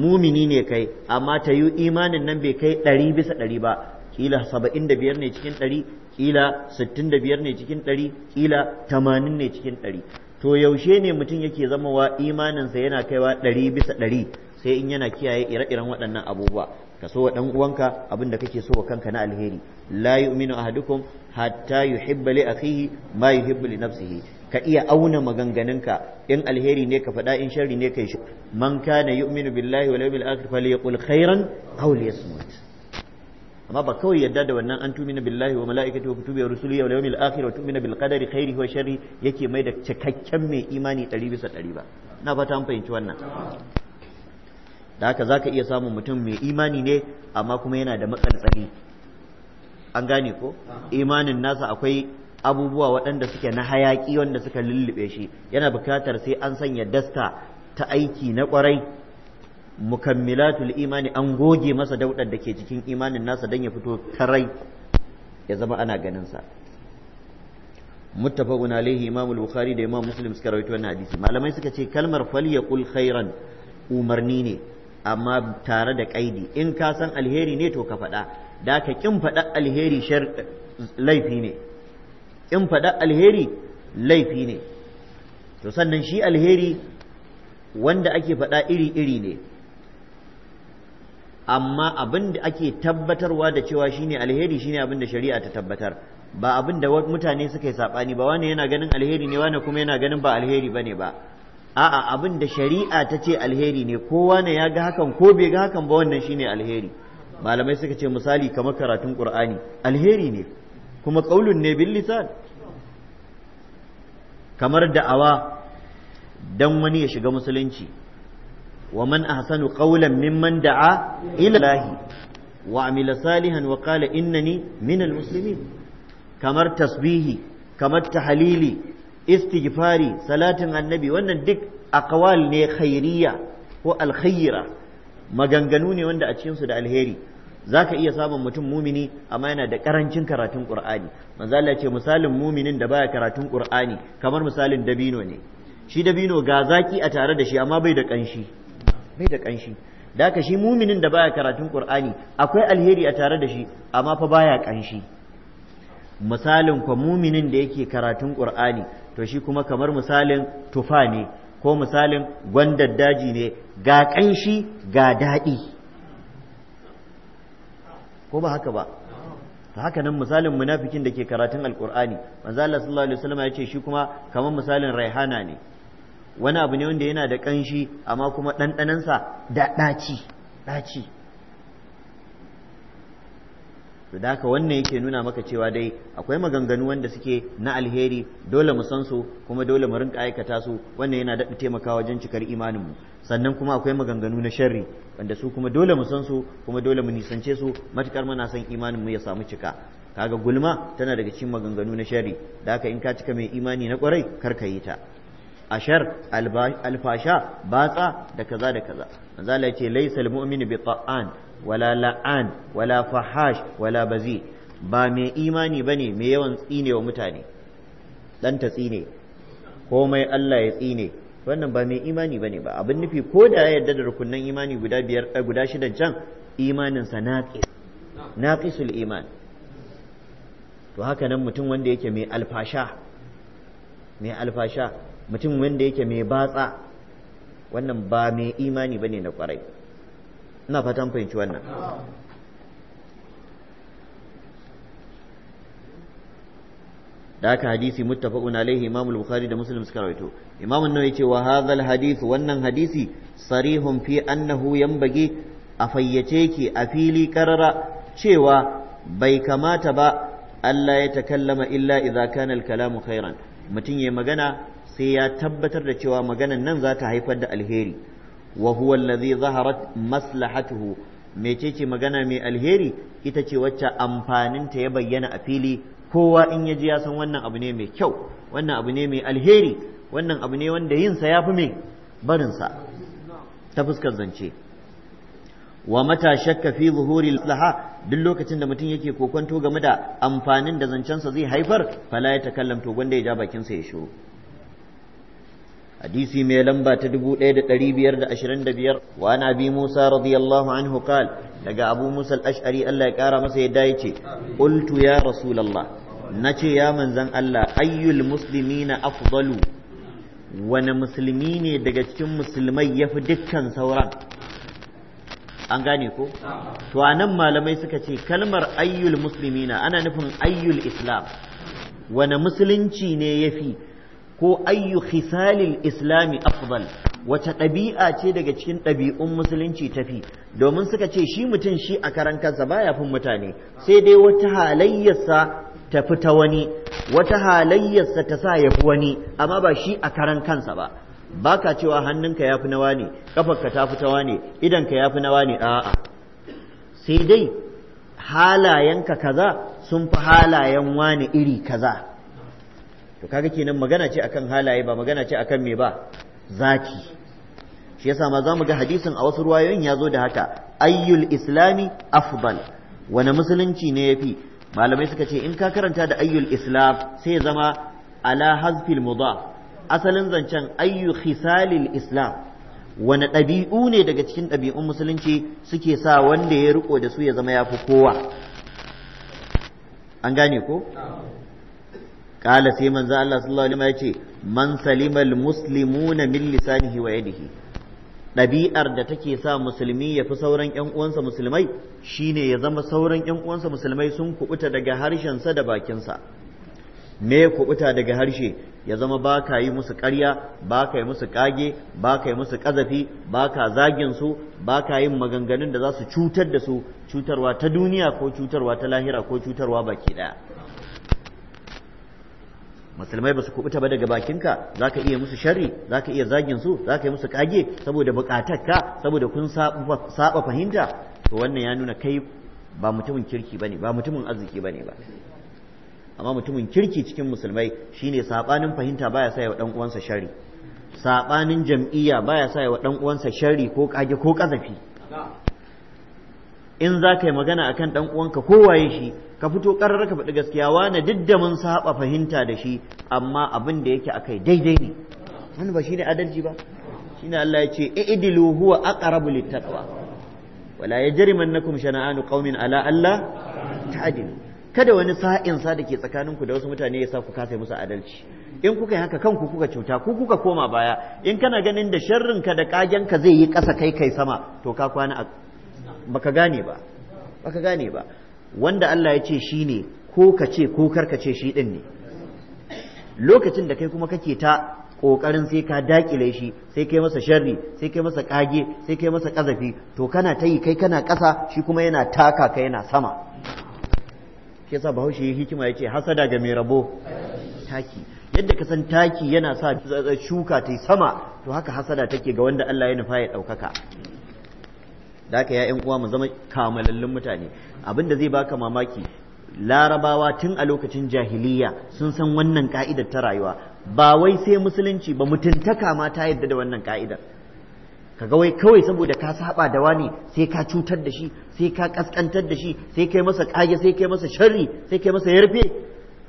mumini ne kai amma ta yi imanin nan bai kai ɗari bisa ɗari ba kila saba'in da biyar ne cikin ɗari kila sittin da biyar ne cikin ɗari kila tamanin ne cikin ɗari to yaushe ne mutum yake zamawa imaninsa yana kaiwa ɗari bisa ɗari sai in yana kiyaye ire-iren waɗannan abubuwa ka so wa ɗan uwanka abin da kake so wa kanka na alheri la yu'minu ahadukum hatta yuhibba li akhihi ma yuhibbu li nafsihi ka iya auna maganganunka in alheri ne ka faɗa in sharri ne kai shi man kana yu'minu billahi wal yawmil akhir falyaqul khairan aw liyasmut amma ba kawai yadda da wannan an tumina billahi wa mala'ikati wa kutubi wa rusuli wa yawmil akhir wa tumina bil qadari khairihi wa sharri yake mai da cikakken mai imani 100 bisa 100 ba na fata an fahimci wannan da haka zaka iya samun mutum mai imani ne amma kuma yana da matsantsani an gane ko imanin nasa akwai abubuwa waɗanda suke na hayaƙi wanda suka lullube shi yana bukatar sai an sanya dasta ta aiki na ƙwarai mukammilatul imani an goge masa daudar da ke cikin imanin nasa don ya fito tarai ya zama ana ganin sa muttafaqun alaihi imam al-bukhari da imam muslim suka rawaito wannan hadisi malamai suka ce kalmar fal yaqul khairan umarni ne amma tare da kaidi in ka san alheri ne to ka faɗa da ka kin faɗa alheri laifi ne in faɗa alheri laifi ne to sannan shi alheri wanda ake faɗa iri-iri ne amma abin da ake tabbatarwa da cewa shine alheri shine abin da shari'a ta tabbatar ba abin da mutane suka yi saɓani ba wani yana ganin alheri ne wani kuma yana ganin ba alheri ba ne ba a'a abin da shari'a ta ce alheri ne kowa ne ya ga hakan ko bai ga hakan ba wannan shine alheri malamai suka ce misali kamar karatun qur'ani alheri ne kuma qaulun ne bil lisan kamar da'awa dan wani ya shiga musulunci wa man ahsanu qawlan mimman da'a ila Allah wa amila salihan wa qala innani minal muslimin kamar tasbihi kamar tahlili istighfari salatin annabi wannan duk aqwal ne khairiyya ko alkhaira maganganu ne wanda a su da alheri Za ka iya samun mutum mumini amma yana da karancin karatun qur'ani manzo Allah ce misalin muminin da baya karatun qur'ani kamar misalin dabino ne shi dabino ga zaki a tare da shi amma bai da kanshi bai da kanshi da ka shi muminin da baya karatun qur'ani akwai alheri a tare da shi amma fa baya ƙanshi. misalin kwa muminin da yake karatun qur'ani to shi kuma kamar misalin tufa ne ko misalin gwandar daji ne ga ƙanshi ga daɗi ko ba haka ba ta haka nan misalin munafikin da ke karatun alkur'ani manzala sallallahu alaihi wasallam ya ce shi kuma kamar misalin raihana ne wani abu ne wanda yana da kanshi amma kuma ɗanɗanansa da ɗaci ɗaci to da haka wannan yake nuna maka cewa dai akwai maganganu wanda suke na alheri dole mu san su kuma dole mu rinka aikata su wannan yana daɗa taimakawa wajen cikar imaninmu sannan kuma akwai maganganu na sharri wanda su kuma dole mu san su kuma dole mu nisance su matukar muna son imanin mu ya samu cika kaga gulma tana daga cikin maganganu na sharri da haka in ka cika mai imani na kwarai kar ka yi ta ashar alfasha batsa da kaza da kaza manzala ce yace laysal mu'minu bi ta'an wala la'an wala fahash wala bazi ba mai imani bane mai yawan tsinewa mutane dan ta tsine komai Allah ya tsine wannan ba mai imani bane ba abin nufi ko da ya yarda da rukunnan imani guda biyar eh, guda shida can imaninsa naqis naqisul iman to haka nan mutum wanda yake mai alfasha mai alfasha mutum wanda yake mai batsa wannan ba mai imani bane na kwarai ina fatan fahimci wannan da haka hadisi muttafaqun alaihi imam al-bukhari da muslim suka rawaito imam an ce wa hadisi hadith wannan hadisi sarihun fi annahu yanbaghi a fayyace ki a fili karara cewa bai kamata ba Allah ya takallama illa idza kana al-kalamu khairan mutum ya magana sai ya tabbatar da cewa maganan nan za ta haifar da alheri wa huwa allazi zaharat maslahatuhu mecece magana mai alheri ita ce wacce amfaninta ya bayyana a fili kowa in ya ji ya san wannan abu ne mai kyau wannan abu ne mai alheri wannan abu ne wanda yinsa ya fi mai barinsa ta fuskar zance wa mata shakka fi zuhuri laha duk lokacin da mutum yake kokonto game da amfanin da zancensa zai haifar fala ya takallam to gwanda ya ja bakinsa ya shiro hadisi mai lamba ta dubu ɗaya da ɗari biyar da ashirin da biyar wa ana bi musa radiyallahu anhu qal daga abu musa al-ash'ari allah ya kara masa ya ce qultu ya rasulallah na ce ya manzan allah ayyul Muslmina afdalu wani musulmi ne daga cikin musulmai ya fi dukkan sauran an gane ko to a malamai suka ce kalmar ayyul musulmina ana nufin ayyul islam wani musulunci ne ya fi ko ayyu khisalil islami Afbal wace ɗabi'a ce daga cikin ɗabi'un musulunci tafi domin suka ce shi mutum shi a karan kansa baya fin mutane sai dai wata halayyarsa tafi ta wani wata halayyarsa ta sa ya fi wani amma ba shi a karan kansa ba baka cewa hannunka ya fi na wani kafarka ta fi ta wani idanka ya fi na wani a'a sai dai halayenka kaza sun fi halayen wani iri kaza to kaga kenan magana ce akan halaye ba magana ce akan me ba zaki shi yasa ma za mu ga hadisin a wasu ruwayoyin ya zo da haka ayyul islami afdal wani musulunci ne ya fi malamai suka ce in ka karanta da ayyul Islam sai zama ala hazfil mudaf asalin zancen ayyu khisalil islam wani ɗabi'u ne daga cikin ɗabi'un musulunci suke sa wanda ya riko da su ya zama ya fi kowa an gane ko kala sai manzo Allah sallallahu alaihi ya ce man salimal muslimuna min lisanihi wa yadihi ɗabi'ar da take sa musulmi ya fi sauran ‘yan uwansa musulmai shine ya zama sauran ‘yan uwansa musulmai sun kubuta daga harshensa da bakinsa me kuɓuta daga harshe ya zama ba ka yi musu karya, ba ka yi musu ƙage ba ka yi musu ƙazafi ba ka zagin su ba ka yin maganganun da za su cutar da su cutarwa ta duniya ko cutarwa ta lahira ko cutarwa baki ɗaya musulmai ba su kubuta ba daga bakinka za ka iya musu shari za ka iya zagin su za ka yi musu kage saboda bukatarka saboda kun saɓa fahimta to wannan ya nuna kai ba mutumin kirki ba ne ba mutumin arziki ba ne ba amma mutumin kirki cikin musulmai shine saɓanin fahimta baya sa wa dan uwansa sharri sabanin jam'iyya baya sa wa dan uwansa sharri ko kage ko kazafi in za ka yi magana akan dan uwanka kowaye shi ka fito karar ka faɗi gaskiya wani duk da mun saba fahimta da shi amma abin da yake akai daidai ne wani ba ne adalci ba shine Allah ya ce i'dilu huwa aqrabu littaqwa wala yajrimannakum shana'anu qaumin ala Allah ta'dilu kada wani sa'in sa da ke tsakaninku da wasu mutane ya sa ku kasa musu adalci in kuka yi haka kanku kuka cuta ku kuka koma baya in kana ganin da sharrinka da kagenka zai yi ƙasa kai kai sama to ka kwana a baka gane ba baka gane ba wanda Allah ya ce shi ne ko ka ce ko karka ce shi din ne lokacin da kai kuma kake ta kokarin sai ka dakile shi sai kai masa sharri sai kai masa kage sai kai masa kazafi to kana ta yi kai kana kasa shi kuma yana taka ka yana sama Ke sa bahaushe ya hikima ya ce hasada ga mai rabo taki yadda ka san taki yana sa shuka ta sama to haka hasada take ga wanda Allah ya nufa ya ɗaukaka da haka ya uwa mu zama kamalallun mutane abin da zai baka mamaki larabawa tun a lokacin jahiliya sun san wannan ka'idar ta rayuwa ba wai sai musulunci ba mutuntaka ma ta yadda da wannan ka'idar kaga wai kawai saboda ka saba da wani sai ka cutar da shi sai ka kaskantar da shi sai kai masa kage sai kai masa sharri sai kai masa yarfe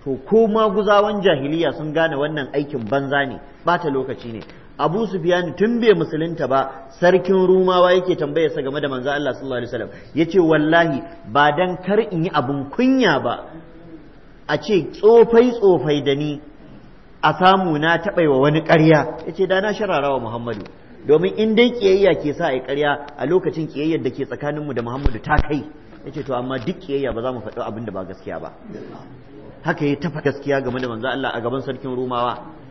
to ko ma guzawan jahiliya sun gane wannan aikin banza ne Ba ta lokaci ne abu sufyan tun bai musulunta ba sarkin rumawa yake sa game da manzo Allah sallallahu alaihi wasallam yace wallahi ba dan kar in yi abun kunya ba a ce tsofai tsofai da ni a samu na wa wani ƙarya yace da na shararawa Muhammadu domin in dai kiyayya ke sa a ƙarya a lokacin kiyayyar da ke tsakaninmu da Muhammadu ta kai yace to amma duk kiyayya ba za mu faɗi abin da ba gaskiya ba haka ya tafa gaskiya game da manzo Allah a gaban sarkin rumawa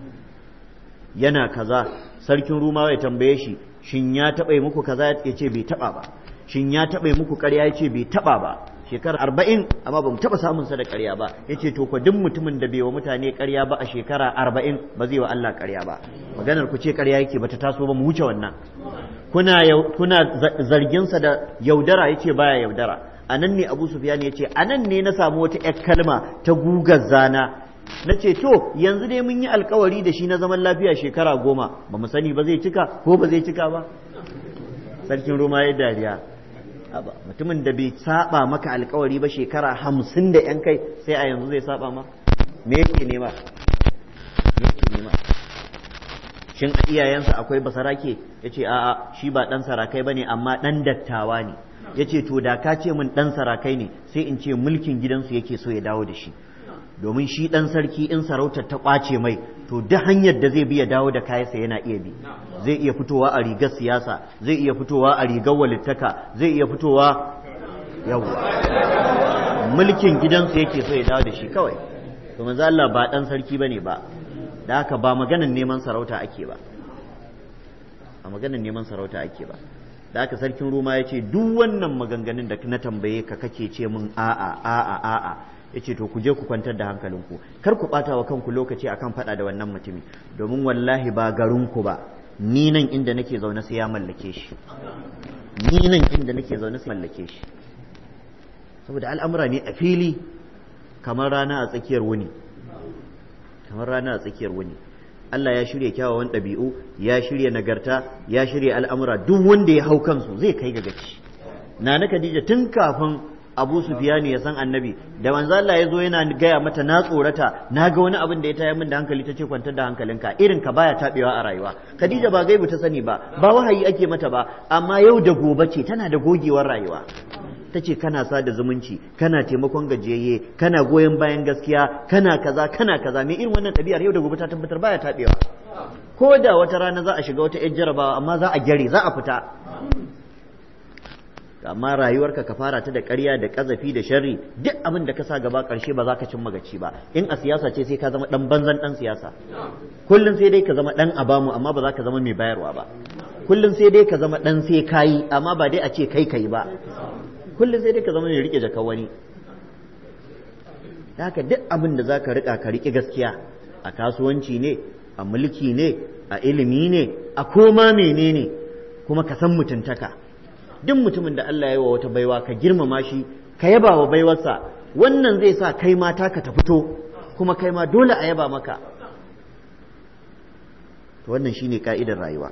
yana kaza sarkin Ruma ya tambaye shi shin ya taɓa muku kaza ya ce bai taɓa ba shin ya taɓa muku ƙarya ya ce bai taɓa ba shekara arba'in amma ba mu taɓa samun sa da ƙarya ba ya ce to duk mutumin da bai wa mutane ƙarya ba a shekara arba'in ba zai wa Allah ƙarya ba maganar ku ce ƙarya yake bata taso ba mu wuce wannan kuna kuna zarginsa da yaudara yace baya yaudara anan ne Abu Sufyan yace anan ne na samu wata 'yar kalma ta gugar zana na ce to yanzu dai mun yi alkawari da shi na zaman lafiya shekara goma ba mu sani ba zai cika ko ba zai cika ba sarkin roma ya dariya mutumin da bai saba maka alkawari ba shekara hamsin da yan kai sai a yanzu zai saba ma me yake nema me yake nema shin iyayensa akwai basarake ya ce a'a shi ba ɗan sarakai ba ne amma ɗan dattawa ne ya ce to da ka ce min ɗan sarakai ne sai in ce mulkin gidansu yake so ya dawo da shi domin shi ɗan sarki in sarautar ta ƙwace mai to duk hanyar da zai biya dawo da kayansa yana iya bi zai iya fitowa a rigar siyasa zai iya fitowa a rigar walittaka zai iya fitowa yawwa mulkin gidansu yake so ya dawo da shi kawai to manzo Allah ba ɗan sarki bane ba da haka ba maganan neman sarauta ake ba a maganan neman sarauta ake ba da haka sarkin Roma ya ce duk wannan maganganun da na tambaye ka kake ce min a'a a'a a'a ya ce to ku je ku kwantar da hankalinku kar ku bata wa kanku lokaci akan fada da wannan mutumi domin wallahi ba ku ba ni nan inda nake zaune sai ya mallake shi ni nan inda nake zaune sai mallake shi saboda al'amura ne a fili kamar rana a tsakiyar wuni kamar rana a tsakiyar wuni Allah ya shirya kyawawan ɗabi'u ya shirya nagarta ya shirya al'amura duk wanda ya hau kansu zai kai ga gaci na na Khadija tun kafin abu sufiyani ya san annabi da manzo Allah ya zo yana gaya mata na tsorata na ga wani abin da ya taya min da hankali ta ce kwantar da hankalinka irin ka baya tabewa a rayuwa khadija ba gaibu ta sani ba ba wahayi ake mata ba amma yau da gobe ce tana da gogewar rayuwa ta ce kana da zumunci kana taimakon gajiyayye kana goyon bayan gaskiya kana kaza kana kaza me irin wannan ɗabi'ar yau da gobe ta tabbatar baya tabewa ko da wata rana za a shiga wata yar jarabawa amma za a gyare za a fita amma rayuwarka ka fara ta da ƙarya da ƙazafi da sharri duk abin da ka sa gaba ƙarshe ba za ka cimma gaci ba in a siyasa ce sai ka zama ɗan banzan ɗan siyasa kullum sai dai ka zama ɗan abamu amma ba za ka zama mai bayarwa ba kullum sai dai ka zama ɗan sai kayi amma ba dai a ce kai kai ba kullum sai dai ka zama mai riƙe jaka wani haka duk abin da za ka riƙa ka riƙe gaskiya a kasuwanci ne a mulki ne a ilimi ne a koma menene kuma ka san mutuntaka duk mutumin da Allah ya yi wa wata baiwa ka girmama shi ka yaba wa baiwarsa wannan zai sa kai ma taka ta fito kuma kai ma dole a yaba maka to wannan shine ka'idar rayuwa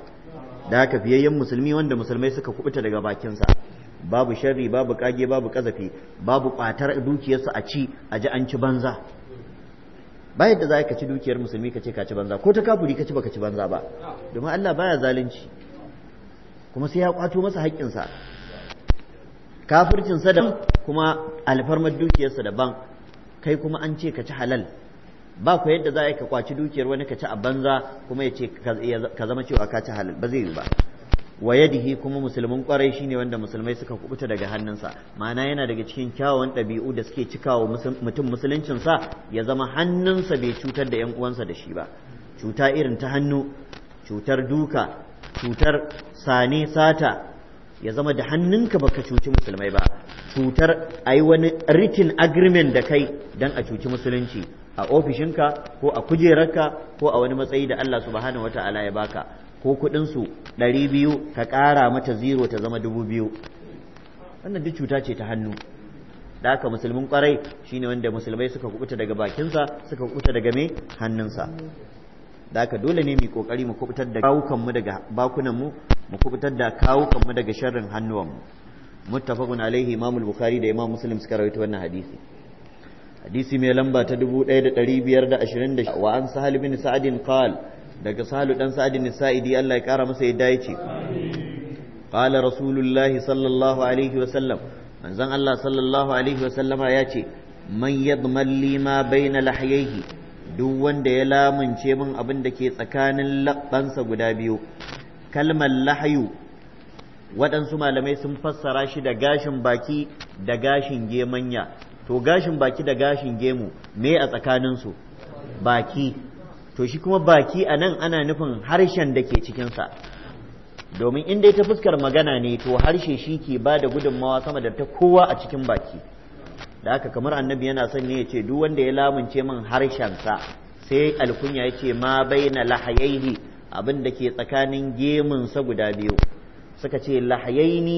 da haka fiyayyen musulmi wanda musulmai suka kubuta daga bakinsa babu sharri babu kage babu kazafi babu kwatar dukiyarsa a ci a ji an ci banza Bayan da za ka ci dukiyar musulmi ka ce ka ci banza ko ta kafuri ka ci baka ci banza ba domin Allah baya zalunci kuma sai ya kwato masa haƙƙinsa kafircinsa da kuma alfarmar dukiyarsa daban kai kuma an ce ka ci halal ba ku yadda za a yi ka kwaci dukiyar wani ka ci a banza kuma ya ce ka zama cewa ka ci halal ba zai yi ba wa yadihi kuma musulmin kwarai shine wanda musulmai suka kubuta daga hannunsa ma'ana yana daga cikin kyawawan ɗabi'u da suke cikawa mutum musuluncinsa ya zama hannunsa bai cutar da 'yan uwansa da shi ba cuta irin ta hannu cutar duka cutar sani sata ya zama da hannunka baka cuci musulmai ba cutar a yi wani written agreement da kai don a cuci musulunci a ofishinka ko a kujerarka ko a wani matsayi da Allah subhanahu wata'ala ya baka ko kudinsu ɗari biyu ka ƙara mata zero ta zama dubu biyu wannan duk cuta ce ta hannu da aka musulmin kwarai shine wanda musulmai suka kubuta daga bakinsa suka kubuta daga me hannunsa da haka dole ne mu kokari mu kubutar da kawukan mu daga bakunan mu mu kubutar da kawukan mu daga sharrin hannuwan mu muttafaqun alaihi imam al-bukhari da imam muslim suka rawaito wannan hadisi hadisi mai lamba ta 1520 wa an sahal bin sa'd qal daga sahal dan sa'd bin sa'idi Allah ya kara masa yadda yace qala rasulullahi sallallahu alaihi wa sallam manzon Allah sallallahu alaihi wa sallama yace man yadmal li ma bayna lahyayhi duk wanda ya lamunce min abin da ke tsakanin laɓansa guda biyu kalmar lahayu waɗansu malamai sun fassara shi da gashin baki da gashin gemanya to gashin baki da gashin gemu me a tsakaninsu baki to shi kuma baki a nan ana nufin harshen da ke cikinsa domin in dai ta fuskar magana ne to harshe shi ke ba da gudunmawa sama da ta kowa a cikin baki da haka kamar annabi yana son ne ya ce duk wanda ya lamunce min harshensa sai alkunya ya ce ma baina lahayaihi abin da ke tsakanin gemunsa guda biyu suka ce lahayaini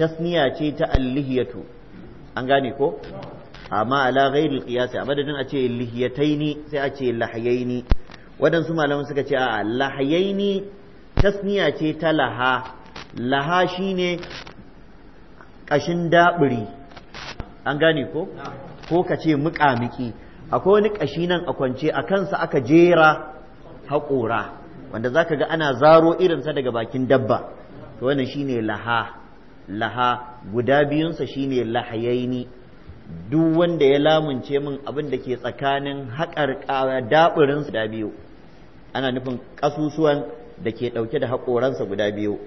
tasniya ce ta allihiyatu an gane ko amma ala ghairi qiyasi a madadin a ce lihiyataini sai a ce lahayaini waɗansu malaman suka ce a lahayaini tasniya ce ta laha laha shine ƙashin dabiri. an gane ko ko ka ce muƙamuƙi akwai wani ƙashi nan a kwance a kansa aka jera haƙora wanda za ka ga ana zaro irinsa daga bakin dabba to wannan shine laha laha guda biyunsa shine lahayaini duk wanda ya lamunce min abin da ke tsakanin haƙar daɓirinsa guda biyu ana nufin ƙasusuwan da ke ɗauke da haƙoransa guda biyu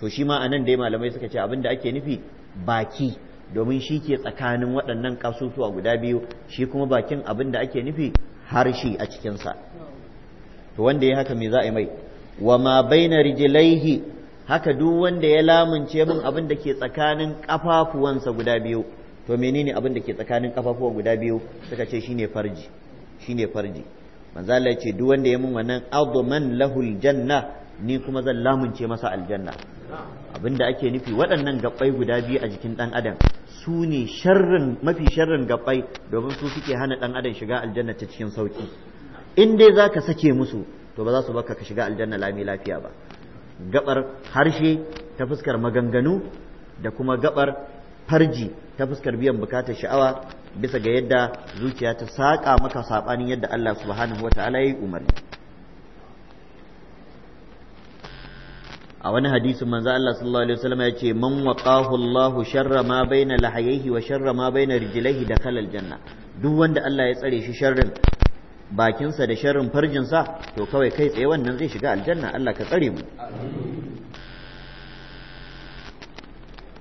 to shi ma a nan dai malamai suka ce abin da ake nufi baki domin shi ke tsakanin waɗannan ƙasusuwa guda biyu shi kuma bakin abin da ake nufi harshe a cikinsa to wanda ya haka me za a yi mai wa ma baina rijlaihi haka duk wanda ya lamunce min abin da ke tsakanin kafafuwansa guda biyu to menene abin da ke tsakanin ƙafafuwa guda biyu suka ce shine farji shine farji manzo ya ce duk wanda ya min wannan adman lahul janna ni kuma zan lamunce masa aljanna abinda ake nufi waɗannan gabbai guda biyu a jikin ɗan adam su ne sharrin mafi sharrin gabbai domin su suke hana ɗan adam shiga aljanna ta cikin sauki in dai za ka sake musu to ba za su baka ka shiga aljanna lami lafiya ba gabar harshe ta fuskar maganganu da kuma gabar farji ta fuskar biyan bukatar sha'awa bisa ga yadda zuciya ta saƙa maka saɓanin yadda Allah subhanahu wa ta'ala ya yi umarni a wani hadisin manzo Allah sallallahu alaihi wasallam ya ce man waqahu Allahu sharra ma baina lahayhi wa sharra ma baina da kalal janna duk wanda Allah ya tsare shi sharrin bakinsa da sharrin farjinsa to kawai kai tsaye wannan zai shiga aljanna Allah ka tsare mu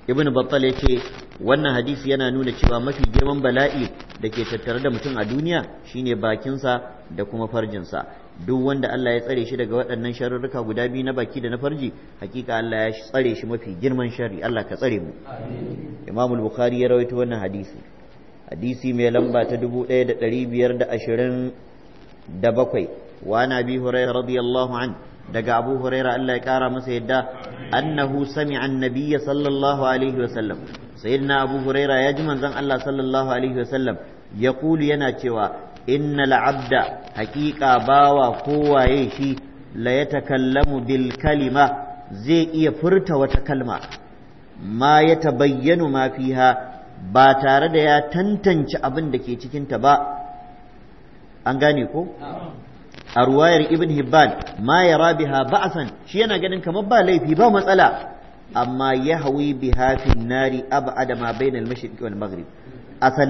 ibn battal ya ce wannan hadisi yana nuna cewa mafi girman bala'i da ke tattare da mutum a duniya shine bakinsa da kuma farjinsa duk wanda Allah ya tsare shi daga waɗannan sharurruka guda biyu na baki da na farji hakika Allah ya tsare shi mafi girman shari Allah ka tsare mu Imam bukhari ya rawaito wannan hadisi hadisi mai lamba ta 1527 wa na bi Hurairah radiyallahu an daga Abu Hurairah Allah ya kara masa yadda annahu sami'a an sallallahu alaihi wa sallam sayyidina Abu huraira ya ji manzon Allah sallallahu alaihi wa sallam yaqulu yana cewa innal abda haƙiƙa bawa kowaye shi la ya takallamu bil kalima zai iya furta wata kalma ma ya tabayyanu ma fiha ba tare da ya tantance abin da ke cikinta ba an gane ko a ruwayar ibn hibban ma ya rabiha ba'asan shi yana ganin kamar ba laifi ba matsala amma ya hawi biha fin nari abada ma bainal mashriq wal maghrib a ta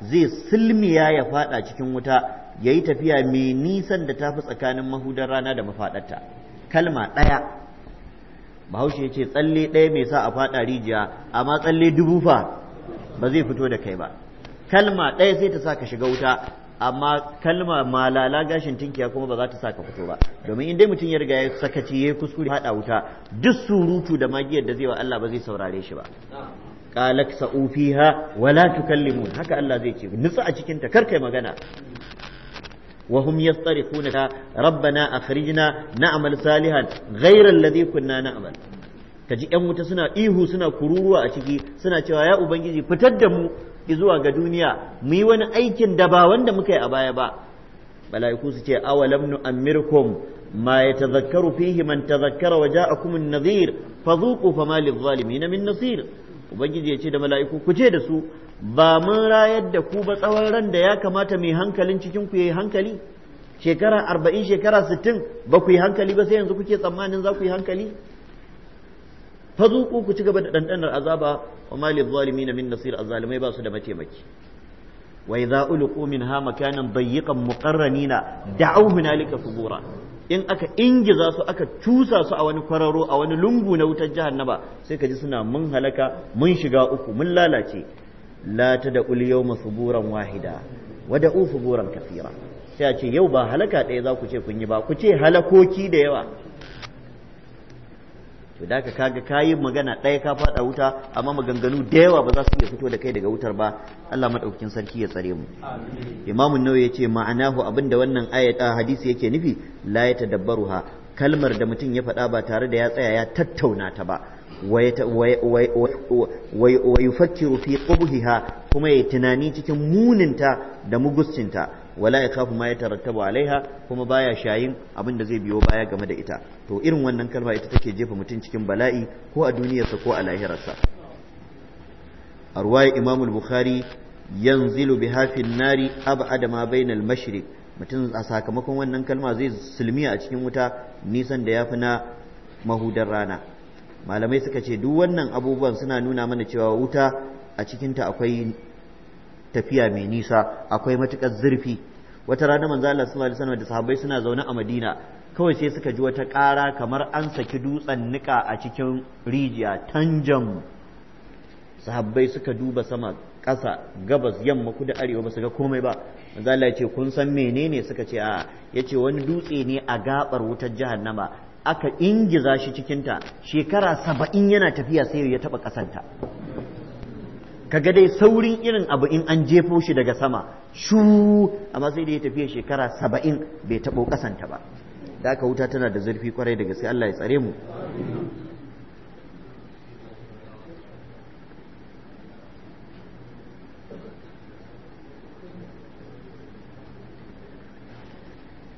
zai silmiya ya fada cikin wuta ya yi tafiya mai nisan da tafi tsakanin mahudar rana da mafadarta kalma ɗaya bahaushe ya ce tsalle ɗaya mai sa a fada rijiya amma tsalle dubu fa ba zai fito da kai ba kalma ɗaya sai ta sa ka shiga wuta amma kalma malala gashin tinkiya kuma ba za ta sa ka fito ba domin in dai mutum ya riga ya sakaci ya kuskure fada wuta duk surutu da magiyar da zai wa Allah ba zai saurare shi ba qalak ufiha wala wa la tukallimun haka Allah zai ce nutsu a cikin ta kar kai magana وهم يصطرخون ربنا أخرجنا نعمل صالحا غير الذي كنا نعمل kaji ‘yan wuta suna ihu suna kururuwa a ciki suna cewa ya ubangiji fitar da mu izuwa ga duniya muyi wani aikin da ba wanda muka yi a baya ba mala'iku su ce awalam nu amirkum ma ya tazakkaru fihi man tazakkara wa ja'akum an-nadhir fadhuqu fama lidh-dhalimin min nasir ubangiji ya ce da mala'iku ku je da su ba mun rayar da ku ba tsawon ran da ya kamata mai hankalin cikin ku yi hankali shekara arba'in shekara sittin ba ku yi hankali ba sai yanzu kuke tsammanin za ku yi hankali fazuku ku ci gaba da ɗanɗanar azaba wa malil na min nasir azalimai ba su da mataimaki wa idza ulqu minha makanan dayyiqan muqarranina da'aw hunalika subura in aka ingiza su aka cusa su a wani kwararo a wani lungu na wutar jihar Naba sai ka ji suna mun halaka mun shiga uku mun lalace la ta da yawma buran wahida wa da buran kafira sai a ce yau ba halaka ɗaya za ku ce kun yi ba ku ce halakoki da yawa to da ka kaga kayi magana ɗaya ka faɗa wuta amma maganganu da yawa ba za su iya fito da kai daga wutar ba Allah madaukakin sarki ya tsare mu Imam ya ce ma'anahu abinda wannan ayat hadisi yake nufi la yatadabbaruha kalmar da mutum ya faɗa ba tare da ya tsaya ya tattauna ta ba wa yufakkiru fi qubhiha kuma ya tunani cikin muninta da mugustinta wala ya kafu ma ya tarattabu alaiha kuma baya shayin abin da zai biyo baya game da ita to irin wannan kalma ita take jefa mutum cikin bala'i ko a duniyarsa ko a lahirarsa a ruwaya imam bukhari yanzilu bi hafin nari ab'ada ma bainal mashriq mutum a sakamakon wannan kalma zai sulmiya a cikin wuta nisan da yafi na mahudar rana malamai suka ce duk wannan abubuwan suna nuna mana cewa wuta a cikinta akwai tafiya mai nisa akwai matukar zurfi wata rana manzo Allah sallallahu alaihi wasallam da sahabbai suna zaune a Madina kawai sai suka ji wata ƙara kamar an saki dutsen nika a cikin rijiya tanjam sahabbai suka duba sama ƙasa gabas yamma kudu arewa ba su ga komai ba manzo Allah ya ce kun san menene suka ce a yace wani dutse ne a gabar wutar jahannama aka ingiza shi cikinta shekara saba'in yana tafiya sai ya taɓa ƙasanta kaga dai saurin irin abu in an jefo shi daga sama shu amma sai da ya tafiya shekara saba'in bai taɓo ƙasanta ba da aka wuta tana da zurfi kwarai da gaske Allah ya tsare mu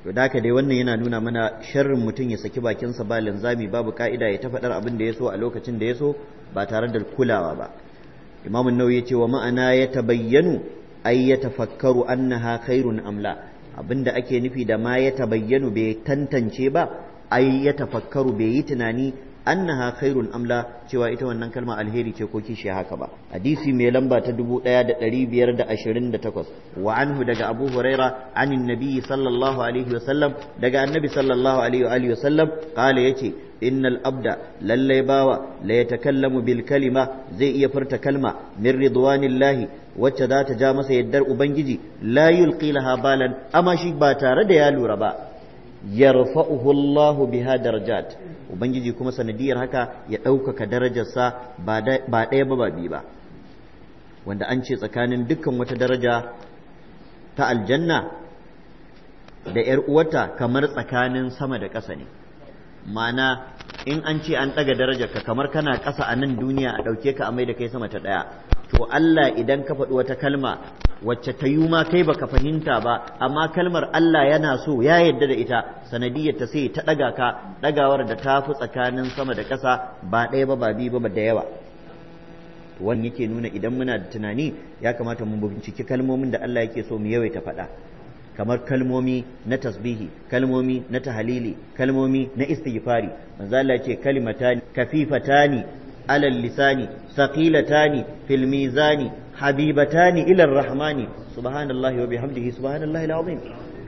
to da ka dai wannan yana nuna mana sharrin mutum ya saki bakinsa ba linzami babu ka'ida ya ta faɗar abin da ya so a lokacin da ya so ba tare da kulawa ba imam an-nawawi yace wa ma'ana ya tabayyanu ay yatafakkaru annaha khairun amla abinda ake nufi da ma ya tabayyanu bai tantance ba ay yatafakkaru bai yi tunani annaha khairun amla cewa ita wannan kalma alheri ce ko kishi haka ba hadisi mai lamba ta 1528 wa anhu daga Abu Huraira anin nabi sallallahu alaihi wa daga annabi sallallahu alaihi wa sallam yace innal abda lallai bawa la yatakallamu bil kalima zai iya furta kalma min ridwanillahi wacce za ta ja masa yaddar ubangiji la yulqi laha balan amma shi ba tare da ya lura ba yarfa'uhu Allahu biha darajat ubangiji kuma sanadiyar haka ya ɗaukaka darajarsa ba ɗaya ba ba biyu ba wanda an ce tsakanin dukkan wata daraja ta aljanna da ‘yar uwata kamar tsakanin sama da ƙasa ne. ma'ana in an ce an ɗaga darajarka kamar kana ƙasa a nan duniya a ɗauke ka a mai da kai sama ta ɗaya to Allah idan ka faɗi wata kalma wacce ta yi ma kai baka fahimta ba amma kalmar Allah yana so ya yarda da ita sanadiyar ta sai ta ɗaga ka ɗagawar da ta fi tsakanin sama da ƙasa ba ɗaya ba ba biyu ba da yawa Wani yake nuna idan muna da tunani ya kamata mu binciki kalmomin da Allah yake so mu yawaita faɗa kamar kalmomi na tasbihi kalmomi na tahalili kalmomi na istighfari manzo Allah ce kalimatani kafifatani alal lisani thaqilatani fil mizani habibatani ila arrahmani subhanallahi wa bihamdihi subhanallahi alazim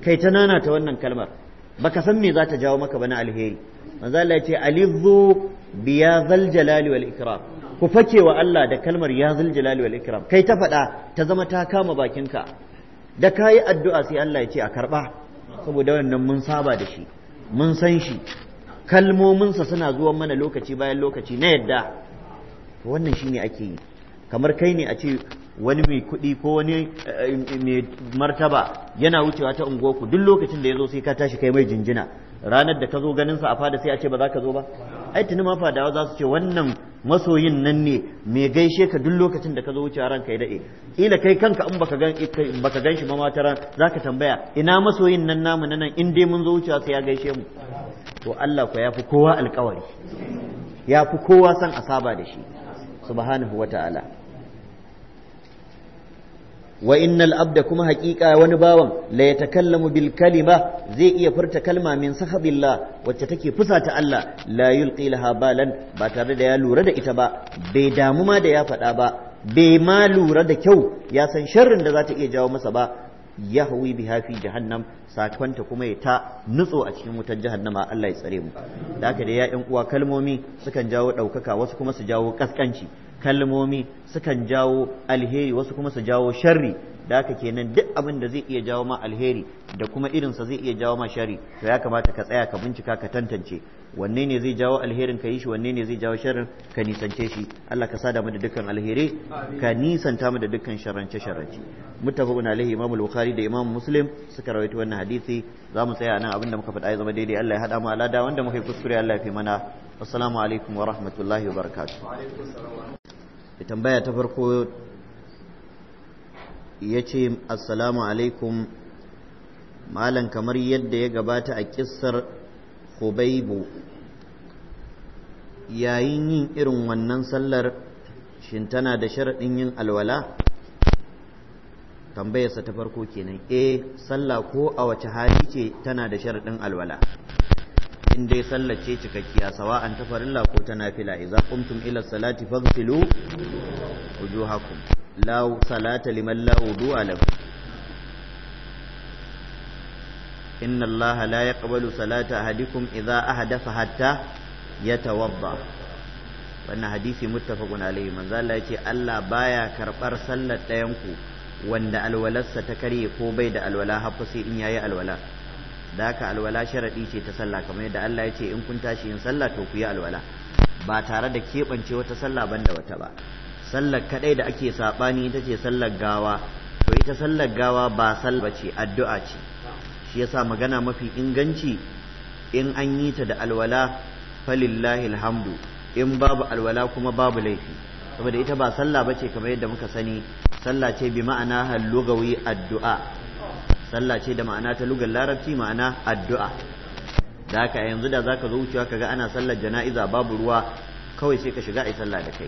kai ta nana ta wannan kalmar baka san me za ta jawo maka ba na alheri manzo Allah ce jalali wal ikram ku fake wa Allah da kalmar ya jalali wal ikram kai ta faɗa ta zama ta kama bakinka da ka yi addu'a sai Allah ya ce a karɓa saboda wannan mun saba da shi mun san shi kalmominsa suna zuwa mana lokaci bayan lokaci na yadda wannan shi ne ake yi kamar kai ne a ce wani mai kuɗi ko wani eh, mai martaba yana wucewa ta unguwarku duk lokacin da ya zo sai ka tashi kai mai jinjina ranar da ka zo ganin sa a fada sai a ce ba za ka zo ba ai tuni ma fadawa za su ce wannan masoyin nan ne mai gaishe ka duk lokacin da ka zo wuce ranka ya dade ila kai kanka in baka gan baka gan shi ma matara zaka tambaya ina masoyin nan namu na nan in dai mun zo wucewa sai ya gaishe mu to Allah ko yafi kowa alƙawari yafi kowa san asaba da shi subhanahu wata'ala wa innal abda kuma haƙiƙa wani bawan la yatakallamu bil kalima zai iya furta kalma min sahabillah wacce take fusata Allah la yulqi laha balan ba tare da ya lura da ita ba bai damu ma da ya faɗa ba bai ma lura da kyau ya san sharrin da za ta iya jawo masa ba yahwi biha fi jahannam sakonta kuma ya ta nutso a cikin wutar jahannama Allah ya tsare mu da haka da ya uwa kalmomi sukan jawo ɗaukaka wasu kuma su jawo ƙasƙanci. kalmomi sukan jawo alheri wasu kuma su jawo sharri da haka kenan duk abin da zai iya jawo ma alheri da kuma irinsa zai iya jawo ma sharri to ya kamata ka tsaya ka bincika ka tantance wanne ne zai jawo alherin ka yi shi wanne ne zai jawo sharrin ka nisance shi Allah ka sada mu da dukkan alheri ka nisanta mu da dukkan sharrance sharrance muttafaqun alaihi imam al-bukhari da imam muslim suka rawaito wannan hadisi za mu tsaya nan abinda muka faɗa ya zama daidai Allah ya hada mu alada wanda muka yi kuskure Allah ya fi mana assalamu alaikum wa rahmatullahi wa barakatuh tambaya ta farko ya ce assalamu alaikum malam kamar yadda ya gabata a kissar hubaibu yayin yin irin wannan sallar shin tana da sharaɗin yin alwala tambayarsa ta farko kenan eh sallah ko a wace hali ce tana da sharaɗin alwala in dai sallar ce cikakkiya sawa'an ta farilla ko ta nafila idza qumtum ila salati faghsilu wujuhakum la salata liman la wudu'a lahu inna allaha la yaqbalu salata ahadikum idza ahdatha hatta ya tawabba wannan hadisi muttafaqun alaihi manzo Allah yace Allah baya karbar sallar ɗayan ku wanda alwalarsa ta karye ko bai da alwala har sai in yayi alwala da haka alwala sharadi ce ta sallah kamar yadda Allah yace in kun tashi yin sallah to ku yi alwala ba tare da keɓance wata sallah banda wata ba sallar kadai da ake sabani ita ce sallar gawa to ita sallar gawa ba sallah ce addu'a ce shi yasa magana mafi inganci in an yi ta da alwala falillahi alhamdu in babu alwala kuma babu laifi saboda ita ba sallah bace kamar yadda muka sani sallah ce bi ma'ana hallugawi addu'a sallah ce da ma'ana ta lugar larabci ma'ana addu'a da haka yanzu da zaka zo wucewa kaga ana sallar jana'iza babu ruwa kawai sai ka shiga ai sallah da kai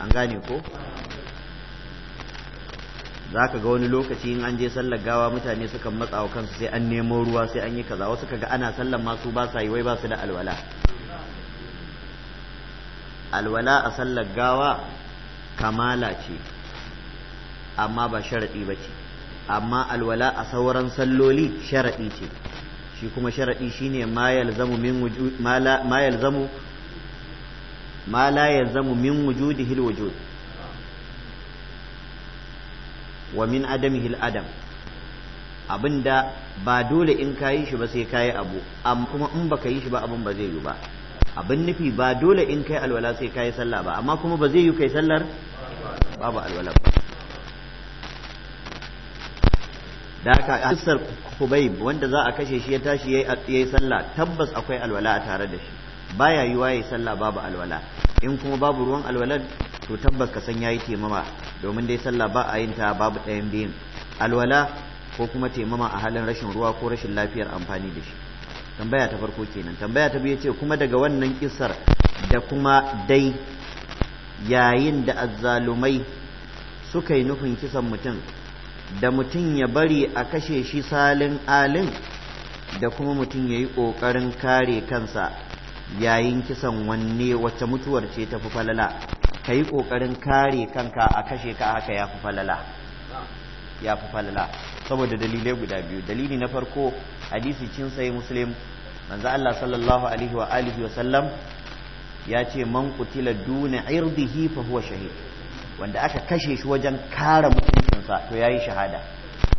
an gane ko za ka ga wani lokaci in an je sallar gawa mutane sukan matsa wa kansu sai an nemo ruwa sai an yi kaza wasu ga ana sallar masu ba sa yi wai ba su da alwala alwala a sallar gawa kamala ce amma ba sharaɗi ba ce amma alwala a sauran salloli sharaɗi ce shi kuma sharaɗi shine ma yalzamu min wujud ma la wa min adamihi adam abinda ba dole in ka yi shi ba sai ka yi abu amma kuma in baka yi shi ba abin ba zai yi ba abin nufi ba dole in kai alwala sai ka yi sallah ba amma kuma ba zai yi kai sallar babu alwala ba da haka kisar Hubayb wanda za a kashe shi ya tashi ya yi sallah tabbas akwai alwala a tare da shi baya yiwa yi sallah babu alwala in kuma babu ruwan alwalar to tabbas ka san yayi taimama domin dai sallah ba a yin ta babu ɗayan biyun alwala ko kuma taimama a halin rashin ruwa ko rashin lafiyar amfani da shi tambaya ta farko kenan tambaya ta biyu ce kuma daga wannan kisar da kuma dai yayin da azzalumai suka yi nufin kisan mutum da mutum ya bari a kashe shi salin alin da kuma mutum ya yi ƙoƙarin kare kansa yayin kisan wanne wacce mutuwar ce ta fi falala ka yi ƙoƙarin kare kanka a kashe ka haka ya fi falala ya fi falala saboda dalilai guda biyu dalili na farko hadisi cin sai muslim manzo Allah sallallahu alaihi wa alihi wa sallam ya ce man qutila duna irdihi fa huwa shahid wanda aka kashe shi wajen kare mutuncinsa to ya yi shahada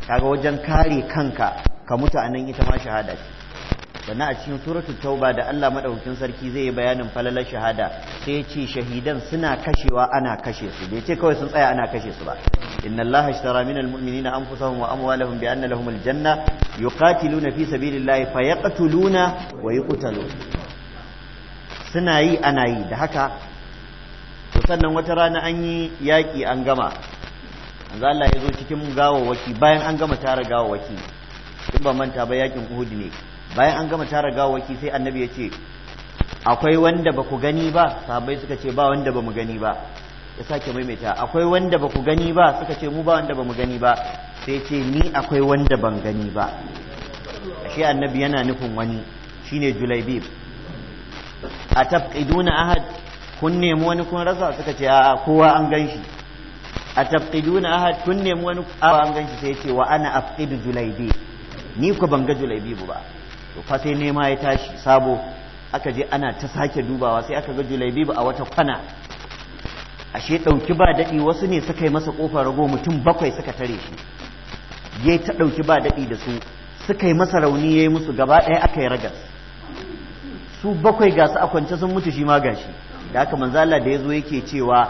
kaga wajen kare kanka ka mutu anan ita ma shahada ce sannan a cikin suratul tauba da Allah madaukakin sarki zai yi bayanin falalar shahada sai ya ce shahidan suna kashewa ana kashe su bai ce kawai sun tsaya ana kashe su ba inna Allah ashtara minal mu'minina anfusahum wa amwalahum bi anna lahumul janna yuqatiluna fi sabilillahi fayaqtuluna wa yuqtalun suna yi ana yi da haka to sannan wata rana an yi yaƙi an gama manzo Allah ya zo cikin gawawaki bayan an gama tara gawawaki in ba manta ba yakin Uhud ne bayan an gama tara gawaki sai annabi ya ce akwai wanda ba ku gani ba sahabbai suka ce ba wanda ba mu gani ba ya sake maimaita akwai wanda ba ku gani ba suka ce mu ba wanda ba mu gani ba sai ce ni akwai wanda ban gani ba ashe annabi yana nufin wani shine julaibib a tafqiduna ahad kun nemi wani kun rasa suka ce a kowa an gan shi a tafqiduna ahad kun nemi wani an gan shi sai ce wa ana afqidu julaibi ni ku ban ga julaibi ba to sai nema ya tashi sabo aka je ana ta sake dubawa sai aka ga ba a wata kwana ashe ɗauki ba daɗi wasu ne suka yi masa kofar rago mutum bakwai suka tare shi ya ta ɗauki ba daɗi da su suka yi masa rauni ya yi musu gaba ɗaya aka yi ragas su bakwai gasu a kwance sun mutu shi ma gashi da aka manzala da ya zo yake cewa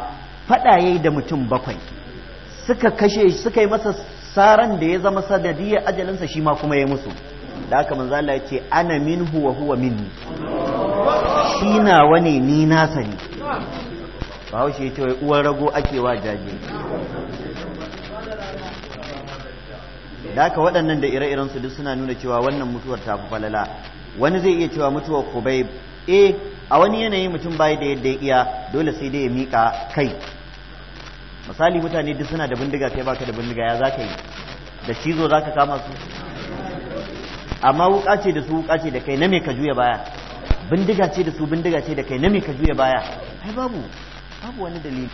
faɗa ya yi da mutum bakwai suka kashe suka yi masa saran da ya zama sanadiyar ajalinsa shi ma kuma ya yi musu da aka manzo Allah ya ce ana min wa huwa minni shi na wane ni nasa ne bahaushe ya ce wai uwan rago ake wa jaje da aka waɗannan da ire-iren su duk suna nuna cewa wannan mutuwar ta falala wani zai iya cewa mutuwar kubai e eh, a wani yanayi mutum bai da yadda ya iya dole sai dai ya mika kai misali mutane duk suna da bindiga kai baka da bindiga ya zaka yi da cizo zaka kama su amma wuka ce da su wuka ce da kai na me ka juya baya bindiga ce da su bindiga ce da kai na me ka juya baya ai babu babu wani dalili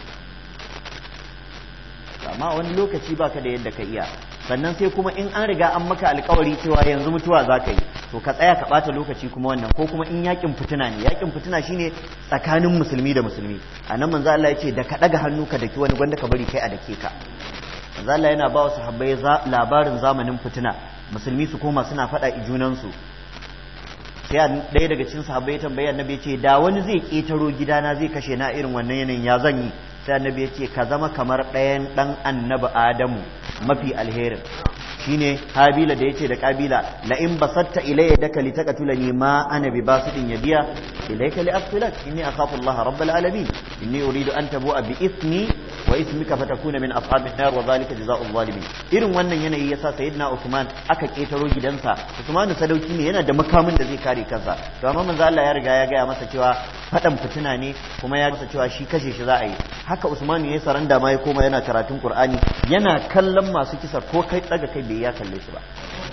amma wani lokaci baka da yadda ka iya sannan sai kuma in an riga an maka alkawari cewa yanzu mutuwa za ka yi to ka tsaya ka ɓata lokaci kuma wannan ko kuma in yakin fitina ne yakin fitina shine tsakanin musulmi da musulmi a nan manzo Allah ya ce da ka ɗaga hannu ka daki wani gwanda ka bari kai a dake ka manzo Allah yana ba wa sahabbai labarin zamanin fitina musulmi su koma suna faɗa junansu sai ɗaya daga cikin sahabbai ya tambaya annabi ya ce da wani zai ƙetaro gidana zai kashe na irin wannan yanayin ya zan yi sai annabi ya ce ka zama kamar ɗayan ɗan annabi adamu mafi alherin shine habila da yace da kabila la in basatta ilayya daka litaqatulani ma ana bi basitin yadiya ilayka li aqtulak inni akhafu allaha rabbal alamin inni uridu an a bi ithmi wa ismika fatakuna min ashabin nar wa zalika jazaa'u zalimin irin wannan yanayi yasa sayyidina usman aka ketaro gidansa usman sadauki ne yana da makamin da zai kare kansa to amma manzo Allah ya riga ya gaya masa cewa fadan fitina ne kuma ya masa cewa shi kashe shi za a yi haka Usman ya saranda ma ya koma yana karatun Kur'ani yana kallon masu kisa ko kai tsaga kai bai ya kalle shi ba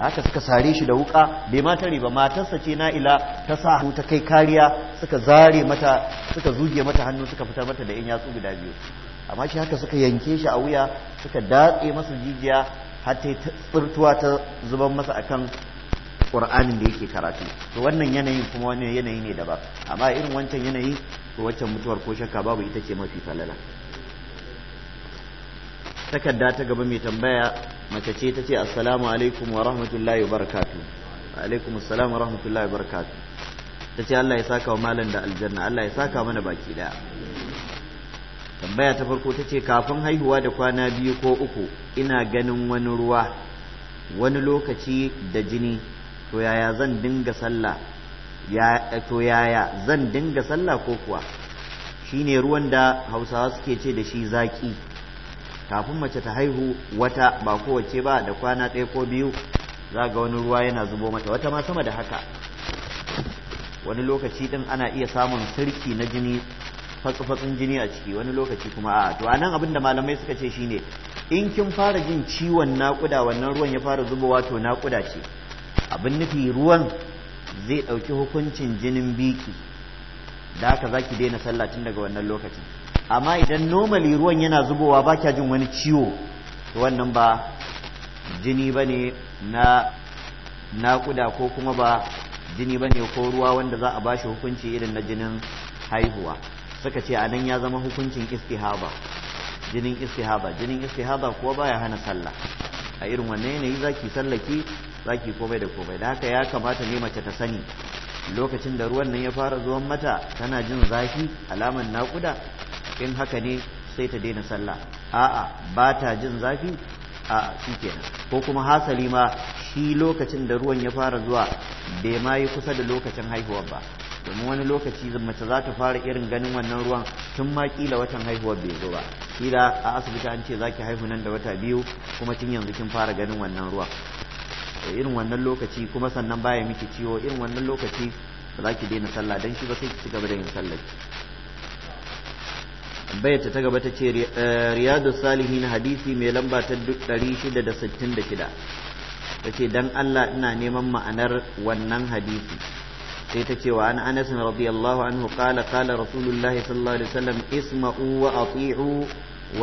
haka suka sare shi da wuka bai ma tare ba matarsa ce na ila ta sa ta kai kariya suka zare mata suka zuge mata hannu suka fita mata da yan yatsu guda biyu amma shi haka suka yanke shi a wuya suka datse masa jijiya har ta tsirtuwa ta zuban masa akan qur'anin da yake karatu to wannan yanayin kuma wani yanayi ne daban amma irin wancan yanayi to waccan mutuwar ko shakka babu ita ce mafi falala takarda ta gaba mai tambaya mace ce ta ce assalamu alaikum wa rahmatullahi wa barakatu alaikum assalam wa rahmatullahi wa barakatu ta ce Allah ya saka wa malam da aljanna Allah ya saka mana baki daya tambaya ta farko ta ce kafin haihuwa da kwana biyu ko uku ina ganin wani ruwa wani lokaci da jini to yaya zan dinga sallah ya to yaya zan dinga sallah ko kuwa shine ruwan da hausawa suke ce da shi zaki kafin mace ta haihu wata ba kowace ba da kwana ɗaya ko biyu za ga wani ruwa yana zubo mata wata ma sama da haka wani lokaci din ana iya samun sirki na jini fatsufatsun jini a ciki wani lokaci kuma a to anan abin da malamai suka ce shine in kin fara jin ciwon naƙuda wannan ruwan ya fara zubowa to naƙuda ce abin nufi ruwan zai ɗauki hukuncin jinin biki da haka za ki daina sallah daga wannan lokacin amma idan nomali ruwan yana zubowa ba kya jin wani ciwo wannan ba jini ba ne na naƙuda ko kuma ba jini ba ne ko ruwa wanda za a ba shi hukunci irin na jinin haihuwa suka ce a nan ya zama hukuncin istihaba jinin istihaba jinin istihaba kuwa baya hana sallah a irin wannan yanayi za ki sallaki zaki komai da komai da haka ya kamata ne mace ta sani lokacin da ruwan nan ya fara zuwa mata tana jin zafi alaman nakuda in haka ne sai ta daina sallah a'a ba ta jin zafi a kenan ko kuma hasali ma shi lokacin da ruwan ya fara zuwa bai ma yi kusa da lokacin haihuwar ba domin wani lokaci mace za ta fara irin ganin wannan ruwan tun ma kila watan haihuwar bai zo ba kila a asibiti an ce za ki haihu nan da wata biyu kuma tun yanzu kin fara ganin wannan ruwan irin wannan lokaci kuma sannan baya miki ciwo irin wannan lokaci ba za ki daina sallah dan shi ba sai ki ci gaba da yin sallah bayyata ta gaba ta ce eh, riyadu salihin hadisi mai lamba ta 666 ta ce dan Allah ina neman ma'anar wannan hadisi sai ta ce wa an anas radiyallahu anhu qala qala rasulullahi sallallahu alaihi wasallam isma'u wa ati'u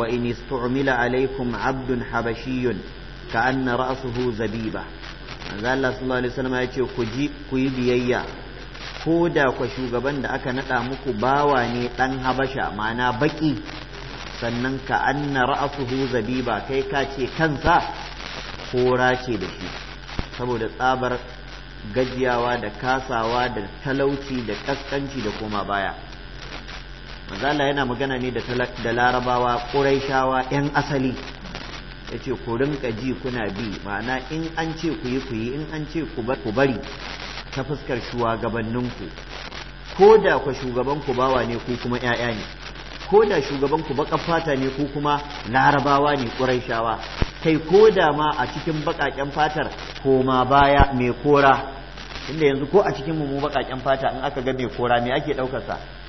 wa in istu'mila alaykum 'abdun habashi كأن rasuhu zabiba manzo Allah sallallahu alaihi wasallam ya ce ku ji ku yi biyayya ko da ku shugaban da aka nada muku bawa ne dan habasha ma'ana baki sannan ka anna ra'suhu zabiba kai ka ce kansa kora ce da shi saboda tsabar gajiyawa da kasawa da talauci da kaskanci da koma baya manzo Allah yana magana ne da larabawa ƙuraishawa 'yan asali ya ce ku rinka ji kuna bi ma'ana in an ce ku yi ku yi in an ce ku bari ta fuskar shugabanninku ko da ku shugabanku bawa ne ku kuma 'ya'ya ne ko da shugabanku baƙar fata ne ku kuma larabawa ne ƙuraishawa kai ko da ma a cikin baƙaƙen fatar ko ma baya mai kora inda yanzu ko a cikin mu baƙaƙen fata in aka ga mai kora me ake ɗaukarsa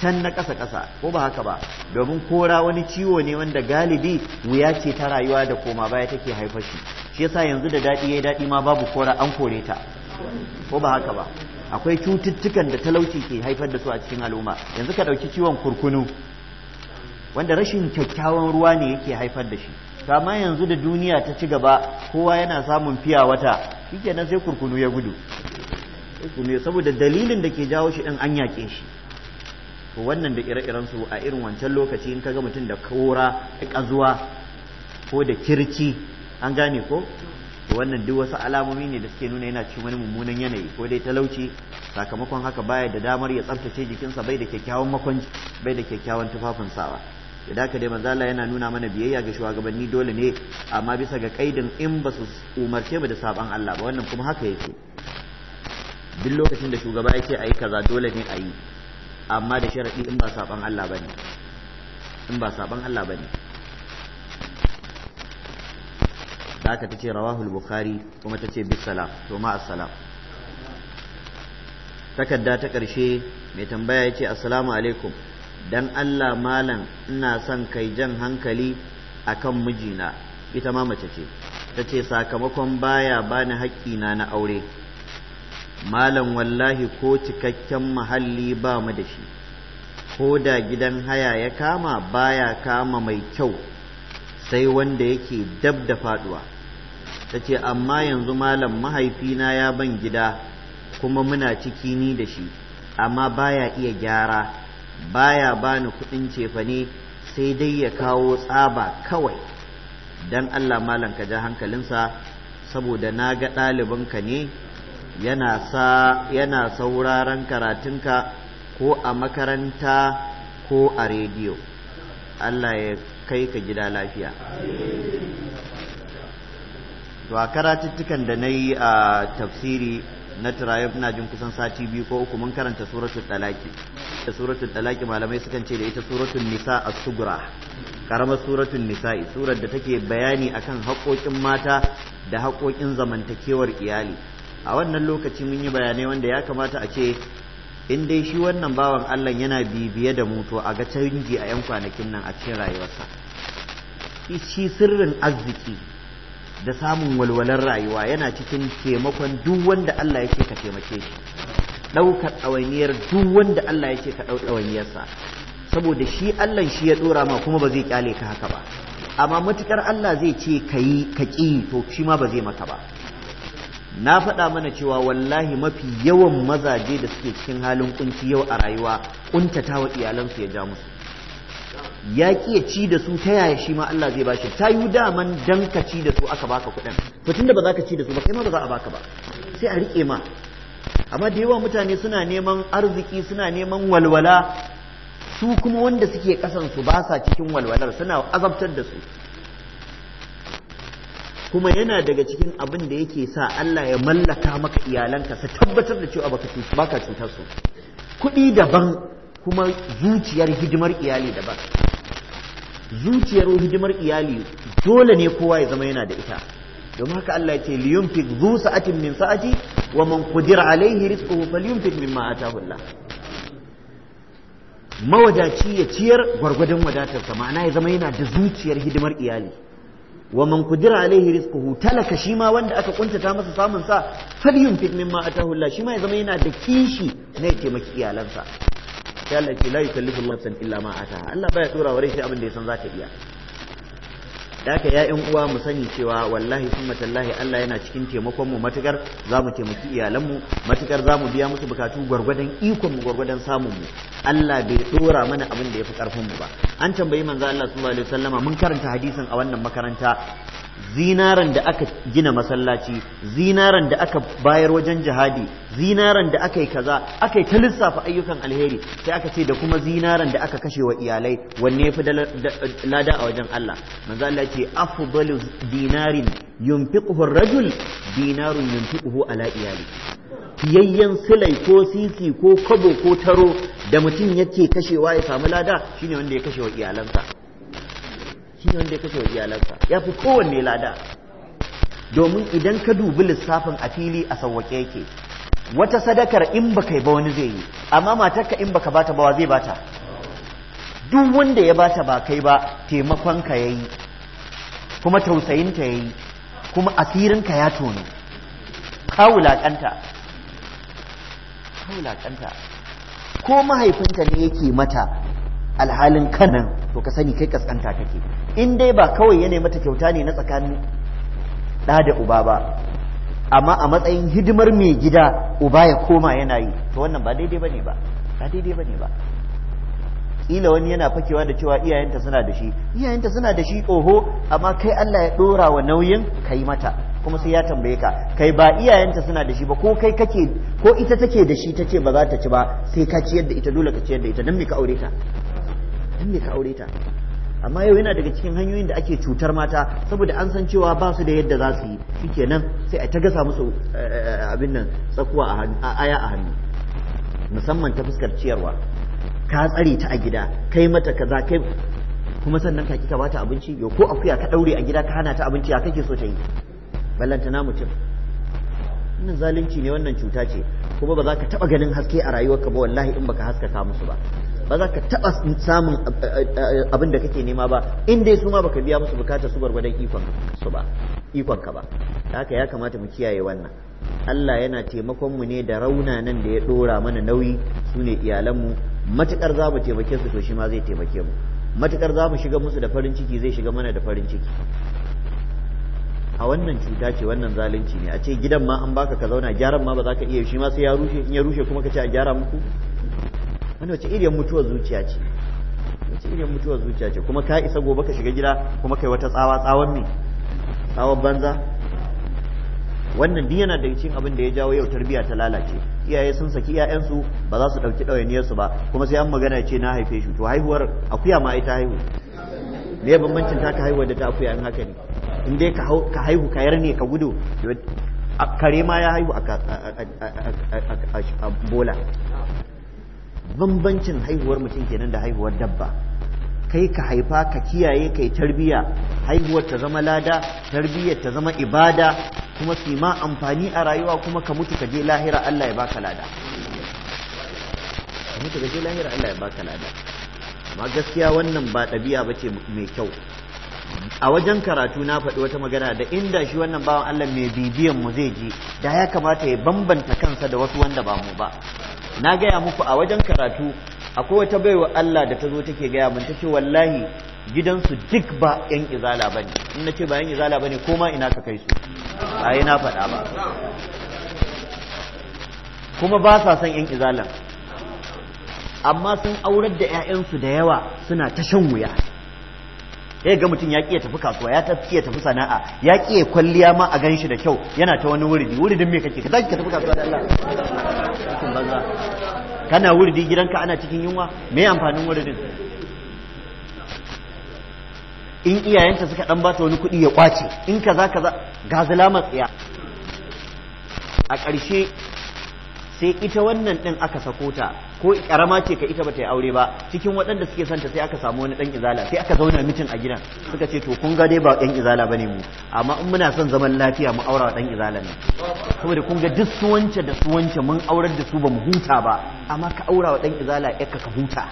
can na ƙasa ƙasa ko ba haka ba domin kora wani ciwo ne wanda galibi wuya ce ta rayuwa da koma baya take haifar shi yasa yanzu da daɗi yayi daɗi ma babu kora an kore ta ko ba haka ba akwai cututtukan da talauci ke haifar da su a cikin al'umma yanzu ka ɗauki ciwon kurkunu wanda rashin kyakkyawan ruwa ne yake haifar da shi kama yanzu da duniya ta ci gaba kowa yana samun fiya wata kenan sai kurkunu ya gudu saboda dalilin da ke jawo shi ɗin an yaƙe shi to wannan da ire-iren su a irin wancan lokaci in kaga mutum da kora da kazuwa ko da kirci an gane ko to wannan duk wasu alamomi ne da suke nuna yana cikin wani mummunan yanayi ko dai talauci sakamakon haka baya da damar ya tsaftace jikinsa bai da kyakkyawan makwanci bai da kyakkyawan tufafin sawa da haka dai manzo yana nuna mana biyayya ga shugabanni dole ne amma bisa ga kaidin in ba su umarce ba da saban Allah ba wannan kuma haka yake duk lokacin da shugaba yake ayi kaza dole ne a yi amma da sharaɗi in ba saban Allah bane in ba saban Allah bane da aka tace rawahul bukhari kuma tace bisalam to ma assalam takarda ta ƙarshe mai tambaya ya ce assalamu alaikum dan Allah malam ina son kai jan hankali akan mijina ita ma mace ce tace sakamakon baya bani haƙƙina na aure malam wallahi ko cikakken mahalli ba mu da shi ko da gidan haya ya kama baya kama mai kyau sai wanda yake dab da faduwa ta ce amma yanzu malam mahaifina ya ban gida kuma muna ciki ni da shi amma baya iya gyara baya bani kuɗin cefane sai dai ya kawo tsaba kawai dan allah malam ka ja hankalinsa saboda na ga ɗalibinka ne yana sa yana sauraron karatunka ko a makaranta ko a rediyo Allah ya kai ka gida lafiya to a karatuttukan da na yi a tafsiri na turayen na jin kusan sati biyu ko uku mun karanta suratul talaki da suratul talaki malamai sukan ce da ita suratul nisa a sugura karamar suratul nisa'i surar da take bayani akan haƙoƙin mata da haƙoƙin zamantakewar iyali a wannan lokaci mun yi bayanai wanda ya kamata a ce in dai shi wannan bawan Allah yana bibiye da mu a ga canji a 'yan kwanakin nan a cikin rayuwarsa shi sirrin arziki da samun walwalar rayuwa yana cikin taimakon duk wanda Allah yake ka taimake shi ɗaukar ɗawainiyar duk wanda Allah yake ka ɗau ɗawainiyarsa saboda shi Allah shi ya ɗora ma kuma ba zai kyale ka haka ba amma matukar Allah zai ce ka yi ka ƙi to shi ma ba zai maka ba na faɗa mana cewa wallahi mafi yawan mazaje da suke cikin halin kunci yau a rayuwa kuntata wa iyalansu ya ja musu ya ya ci da su ta yaya shi ma Allah zai bashi ta yi daman dan ka ci da su aka baka kuɗin fitin da ba za ka ci da su ba kai ma ba za a baka ba sai a rike ma amma da yawa mutane suna neman arziki suna neman walwala su kuma wanda suke kasan su ba sa cikin walwalar suna azabtar da su kuma yana daga cikin abin da yake sa Allah ya mallaka maka iyalanka sa tabbatar da cewa baka baka cutar su kuɗi daban kuma zuciyar hidimar iyali daban zuciyar hidimar iyali dole ne kowa ya zama yana da ita domin haka Allah ya ce yunfiq zu sa'atin min sa'ati wa man qadir alaihi rizquhu falyunfiq mimma atahu Allah mawadaci ya ciyar gwargwadon wadatarsa ma'ana ya zama yana da zuciyar hidimar iyali wa man qudira alaihi rizquhu talaka shi ma wanda aka kuntata masa samun sa falyunfiq mimma atahu Allah shi ma ya zama yana da kishi na ya taimaki iyalansa sai Allah ce la yukallifu nafsan illa ma ataha Allah baya dora rai sai abin da ya san za ta iya daka 'ya'yan uwa mu sani cewa wallahi summa tallahi Allah yana cikin taimakon mu matukar zamu taimaki iyalan mu matukar zamu biya musu bukatu gwargwadon ikonmu mu gwargwadon samun mu Allah bai dora mana abin da yafi karfin mu ba an tambayi manzo Allah sallallahu alaihi wasallama mun karanta hadisin a wannan makaranta zinaran da aka gina masallaci zinaran da aka bayar wajen jihadi zinaran da aka yi kaza aka yi ta lissafa ayyukan alheri sai aka ce da kuma zinaran da aka kashe wa iyalai wanne fi lada a wajen Allah manzo Allah ce afdalu dinarin yunfiquhu rajul dinarun yunfiquhu ala iyali fiyayyen silai ko sisi ko kabo ko taro da mutum yake kashewa ya samu lada shine wanda ya kashe wa iyalansa shine wanda ya kashe wa iyalansa ya fi kowanne lada domin idan ka dubi lissafin a fili a sauwake yake wata sadakar in baka yi ba wani zai yi amma matarka in baka bata ba wa zai bata duk wanda ya bata ba kai ba taimakon ka yi kuma tausayin ta yi kuma asirin ka ya tono ko mahaifinta ne yake mata alhalin kanan to ka sani kai kaskanta take in dai ba kawai ya mata kyauta ne na tsakanin ɗa da uba ba amma a matsayin hidimar mai gida uba ya koma yana yi to wannan ba daidai bane ba ba daidai bane ba kila wani yana fakewa da cewa iyayenta suna da shi iyayenta suna da shi oho amma kai Allah ya dora wa nauyin kai mata kuma sai ya tambaye ka kai ba iyayenta suna da shi ba ko kai kake ko ita take da shi tace ba za ta ci ba sai ka ciyar da ita dole ka ciyar da ita dan me ka aure ta dan me ka aure ta amma yau yana daga cikin hanyoyin da ake cutar mata saboda an san cewa ba su da yadda za su yi shikenan sai a ta gasa musu eh, eh, abin nan tsakuwa a aya a hannu musamman ta fuskar ciyarwa ka tsare ta a gida kai mata kaza kai kuma sannan ka kika bata abinci yau ko akuya ka daure a gida ka hana ta abinci a kake so ta yi na mutum wannan zalunci ne wannan cuta ce kuma ba za ka taba ganin haske a rayuwarka ba wallahi in baka haskaka musu ba ba za ka taɓa samun eh, eh, eh, abin da kake nema ba in dai su ma baka biya musu bukatar su gwargwadon ikon su ba ikon ka ba haka ya kamata mu kiyaye wannan Allah yana taimakon mu ne da raunanan da ya ɗora mana nauyi su ne iyalanmu matuƙar za mu taimake su to shi ma zai taimake mu Matuƙar za mu shiga musu da farin ciki zai shiga mana da farin ciki a wannan cuta ce wannan zalunci ne a ce gidan ma an baka ka zauna gyaran ma ba za ka iya shi ma sai ya rushe in ya rushe kuma ka ce a gyara muku wani wace iriyar mutuwar zuciya ce wace iriyar mutuwar zuciya ce kuma ka isa gobe ka shiga gida kuma kai wata tsawa tsawon me tsawon banza wannan duk yana daga cikin abin da ya jawo yau tarbiyya ta lalace iyaye sun saki iyayensu ba za su ɗauki ɗawainiyarsu ba kuma sai an magana ce na haife shi to haihuwar akuya ma ita haihu me bambancin ta ka haihuwar da ta akuya in haka ne in dai ka haihu ka yar ne ka gudu kare ma ya haihu a bola bambancin haihuwar mutum kenan da haihuwar dabba kai ka haifa ka kiyaye kai tarbiya haihuwar ta zama lada tarbiyyar ta zama ibada kuma su ma amfani a rayuwa kuma ka mutu ka je lahira Allah ya baka lada ka mutu ka je lahira Allah ya baka lada amma gaskiya wannan ba ɗabi'a ba ce mai kyau a wajen karatu na faɗi wata magana da inda shi wannan bawan Allah mai bibiyan mu zai ji da ya kamata ya bambanta kansa da wasu wanda ba mu ba na gaya muku a wajen karatu akwai wata baiwa Allah da ta zo take gaya min ce wallahi gidansu duk ba yan izala bane in na ce ba yan izala bane ko ma ina ka kai su yi na faɗa ba kuma ba sa son yan izalan amma sun aurar da 'ya'yansu da yawa suna ta shan wuya ya ga mutum ya ƙiya tafi kasuwa ya ƙiya tafi sana'a ya ƙiya kwalliya ma a shi da kyau yana ta wani wuridi wuridin me kake ka tafi kasuwa da Allah kana wurdi gidanka ana cikin yunwa me amfanin wurdin in iyayenta suka dan bata wani kuɗi ya kwace in kaza kaza ga zalama tsaya a ƙarshe sai ita wannan din aka sako ta ko karama ce ka ita bata yi aure ba cikin waɗanda suke santa sai aka samu wani ɗan izala sai aka zauna mutum a gidan suka ce to kun ga dai ba ɗan izala bane mu amma in muna son zaman lafiya mu aura ɗan izala ne saboda kun ga duk su wance da su wance mun aurar da su ba mu huta ba amma ka aura wa ɗan izala ya ka huta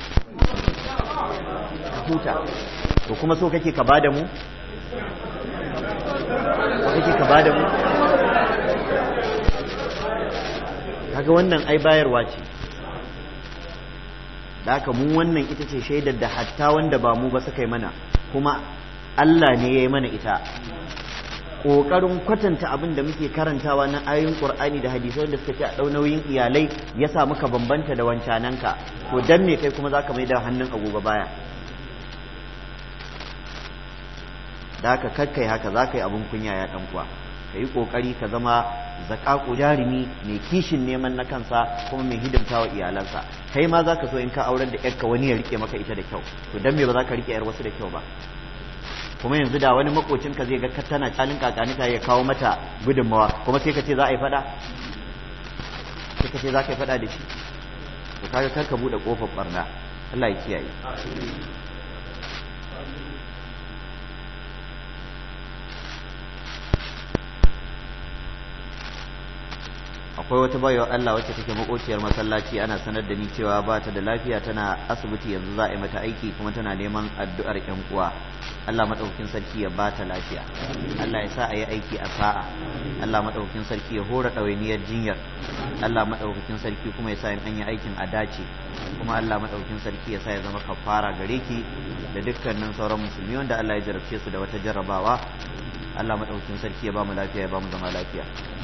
ka huta to kuma so kake ka bada mu kake ka bada mu kaga wannan ai bayarwa ce da ka mun wannan ita ce shaidar da hatta wanda ba mu ba suka yi mana kuma Allah ne ya yi mana ita ƙoƙarin kwatanta abin da muke karantawa na ayoyin ƙur'ani da hadisai da suka ci a ɗau iyalai ya sa muka bambanta da wancananka to dan me kai kuma za ka mai da hannun agogo baya da haka kakkai haka za ka yi abun kunya ya ɗan kuwa ka yi ƙoƙari ka zama zakaku jarumi mai kishin neman na kansa kuma mai hidimta wa iyalansa kai ma zaka so in ka aurar da yarka wani ya rike maka ita da kyau to dan me ba za ka rike yar wasu da kyau ba kuma yanzu da wani makocin ka zai ga tana calin kakanika ya kawo mata gudunmawa kuma sai ka ce za a yi fada sai ka ce za ka yi fada da shi to kaga kar ka buɗe kofar barna Allah ya kiyaye akwai wata baiwa Allah wacce take makociyar masallaci ana sanar da ni cewa ba ta da lafiya tana asibiti yanzu za a yi mata aiki kuma tana neman addu'ar ƴan uwa Allah madaukakin sarki ya ba ta lafiya Allah ya sa a yi aiki a sa'a Allah madaukakin sarki ya hora ɗawainiyar jinyar Allah madaukakin sarki kuma ya sa in an yi aikin a dace kuma Allah madaukakin sarki ya sa ya zama kafara gare ki da dukkanin sauran musulmi wanda Allah ya jarabce su da wata jarrabawa Allah madaukakin sarki ya ba mu lafiya ya ba mu zama lafiya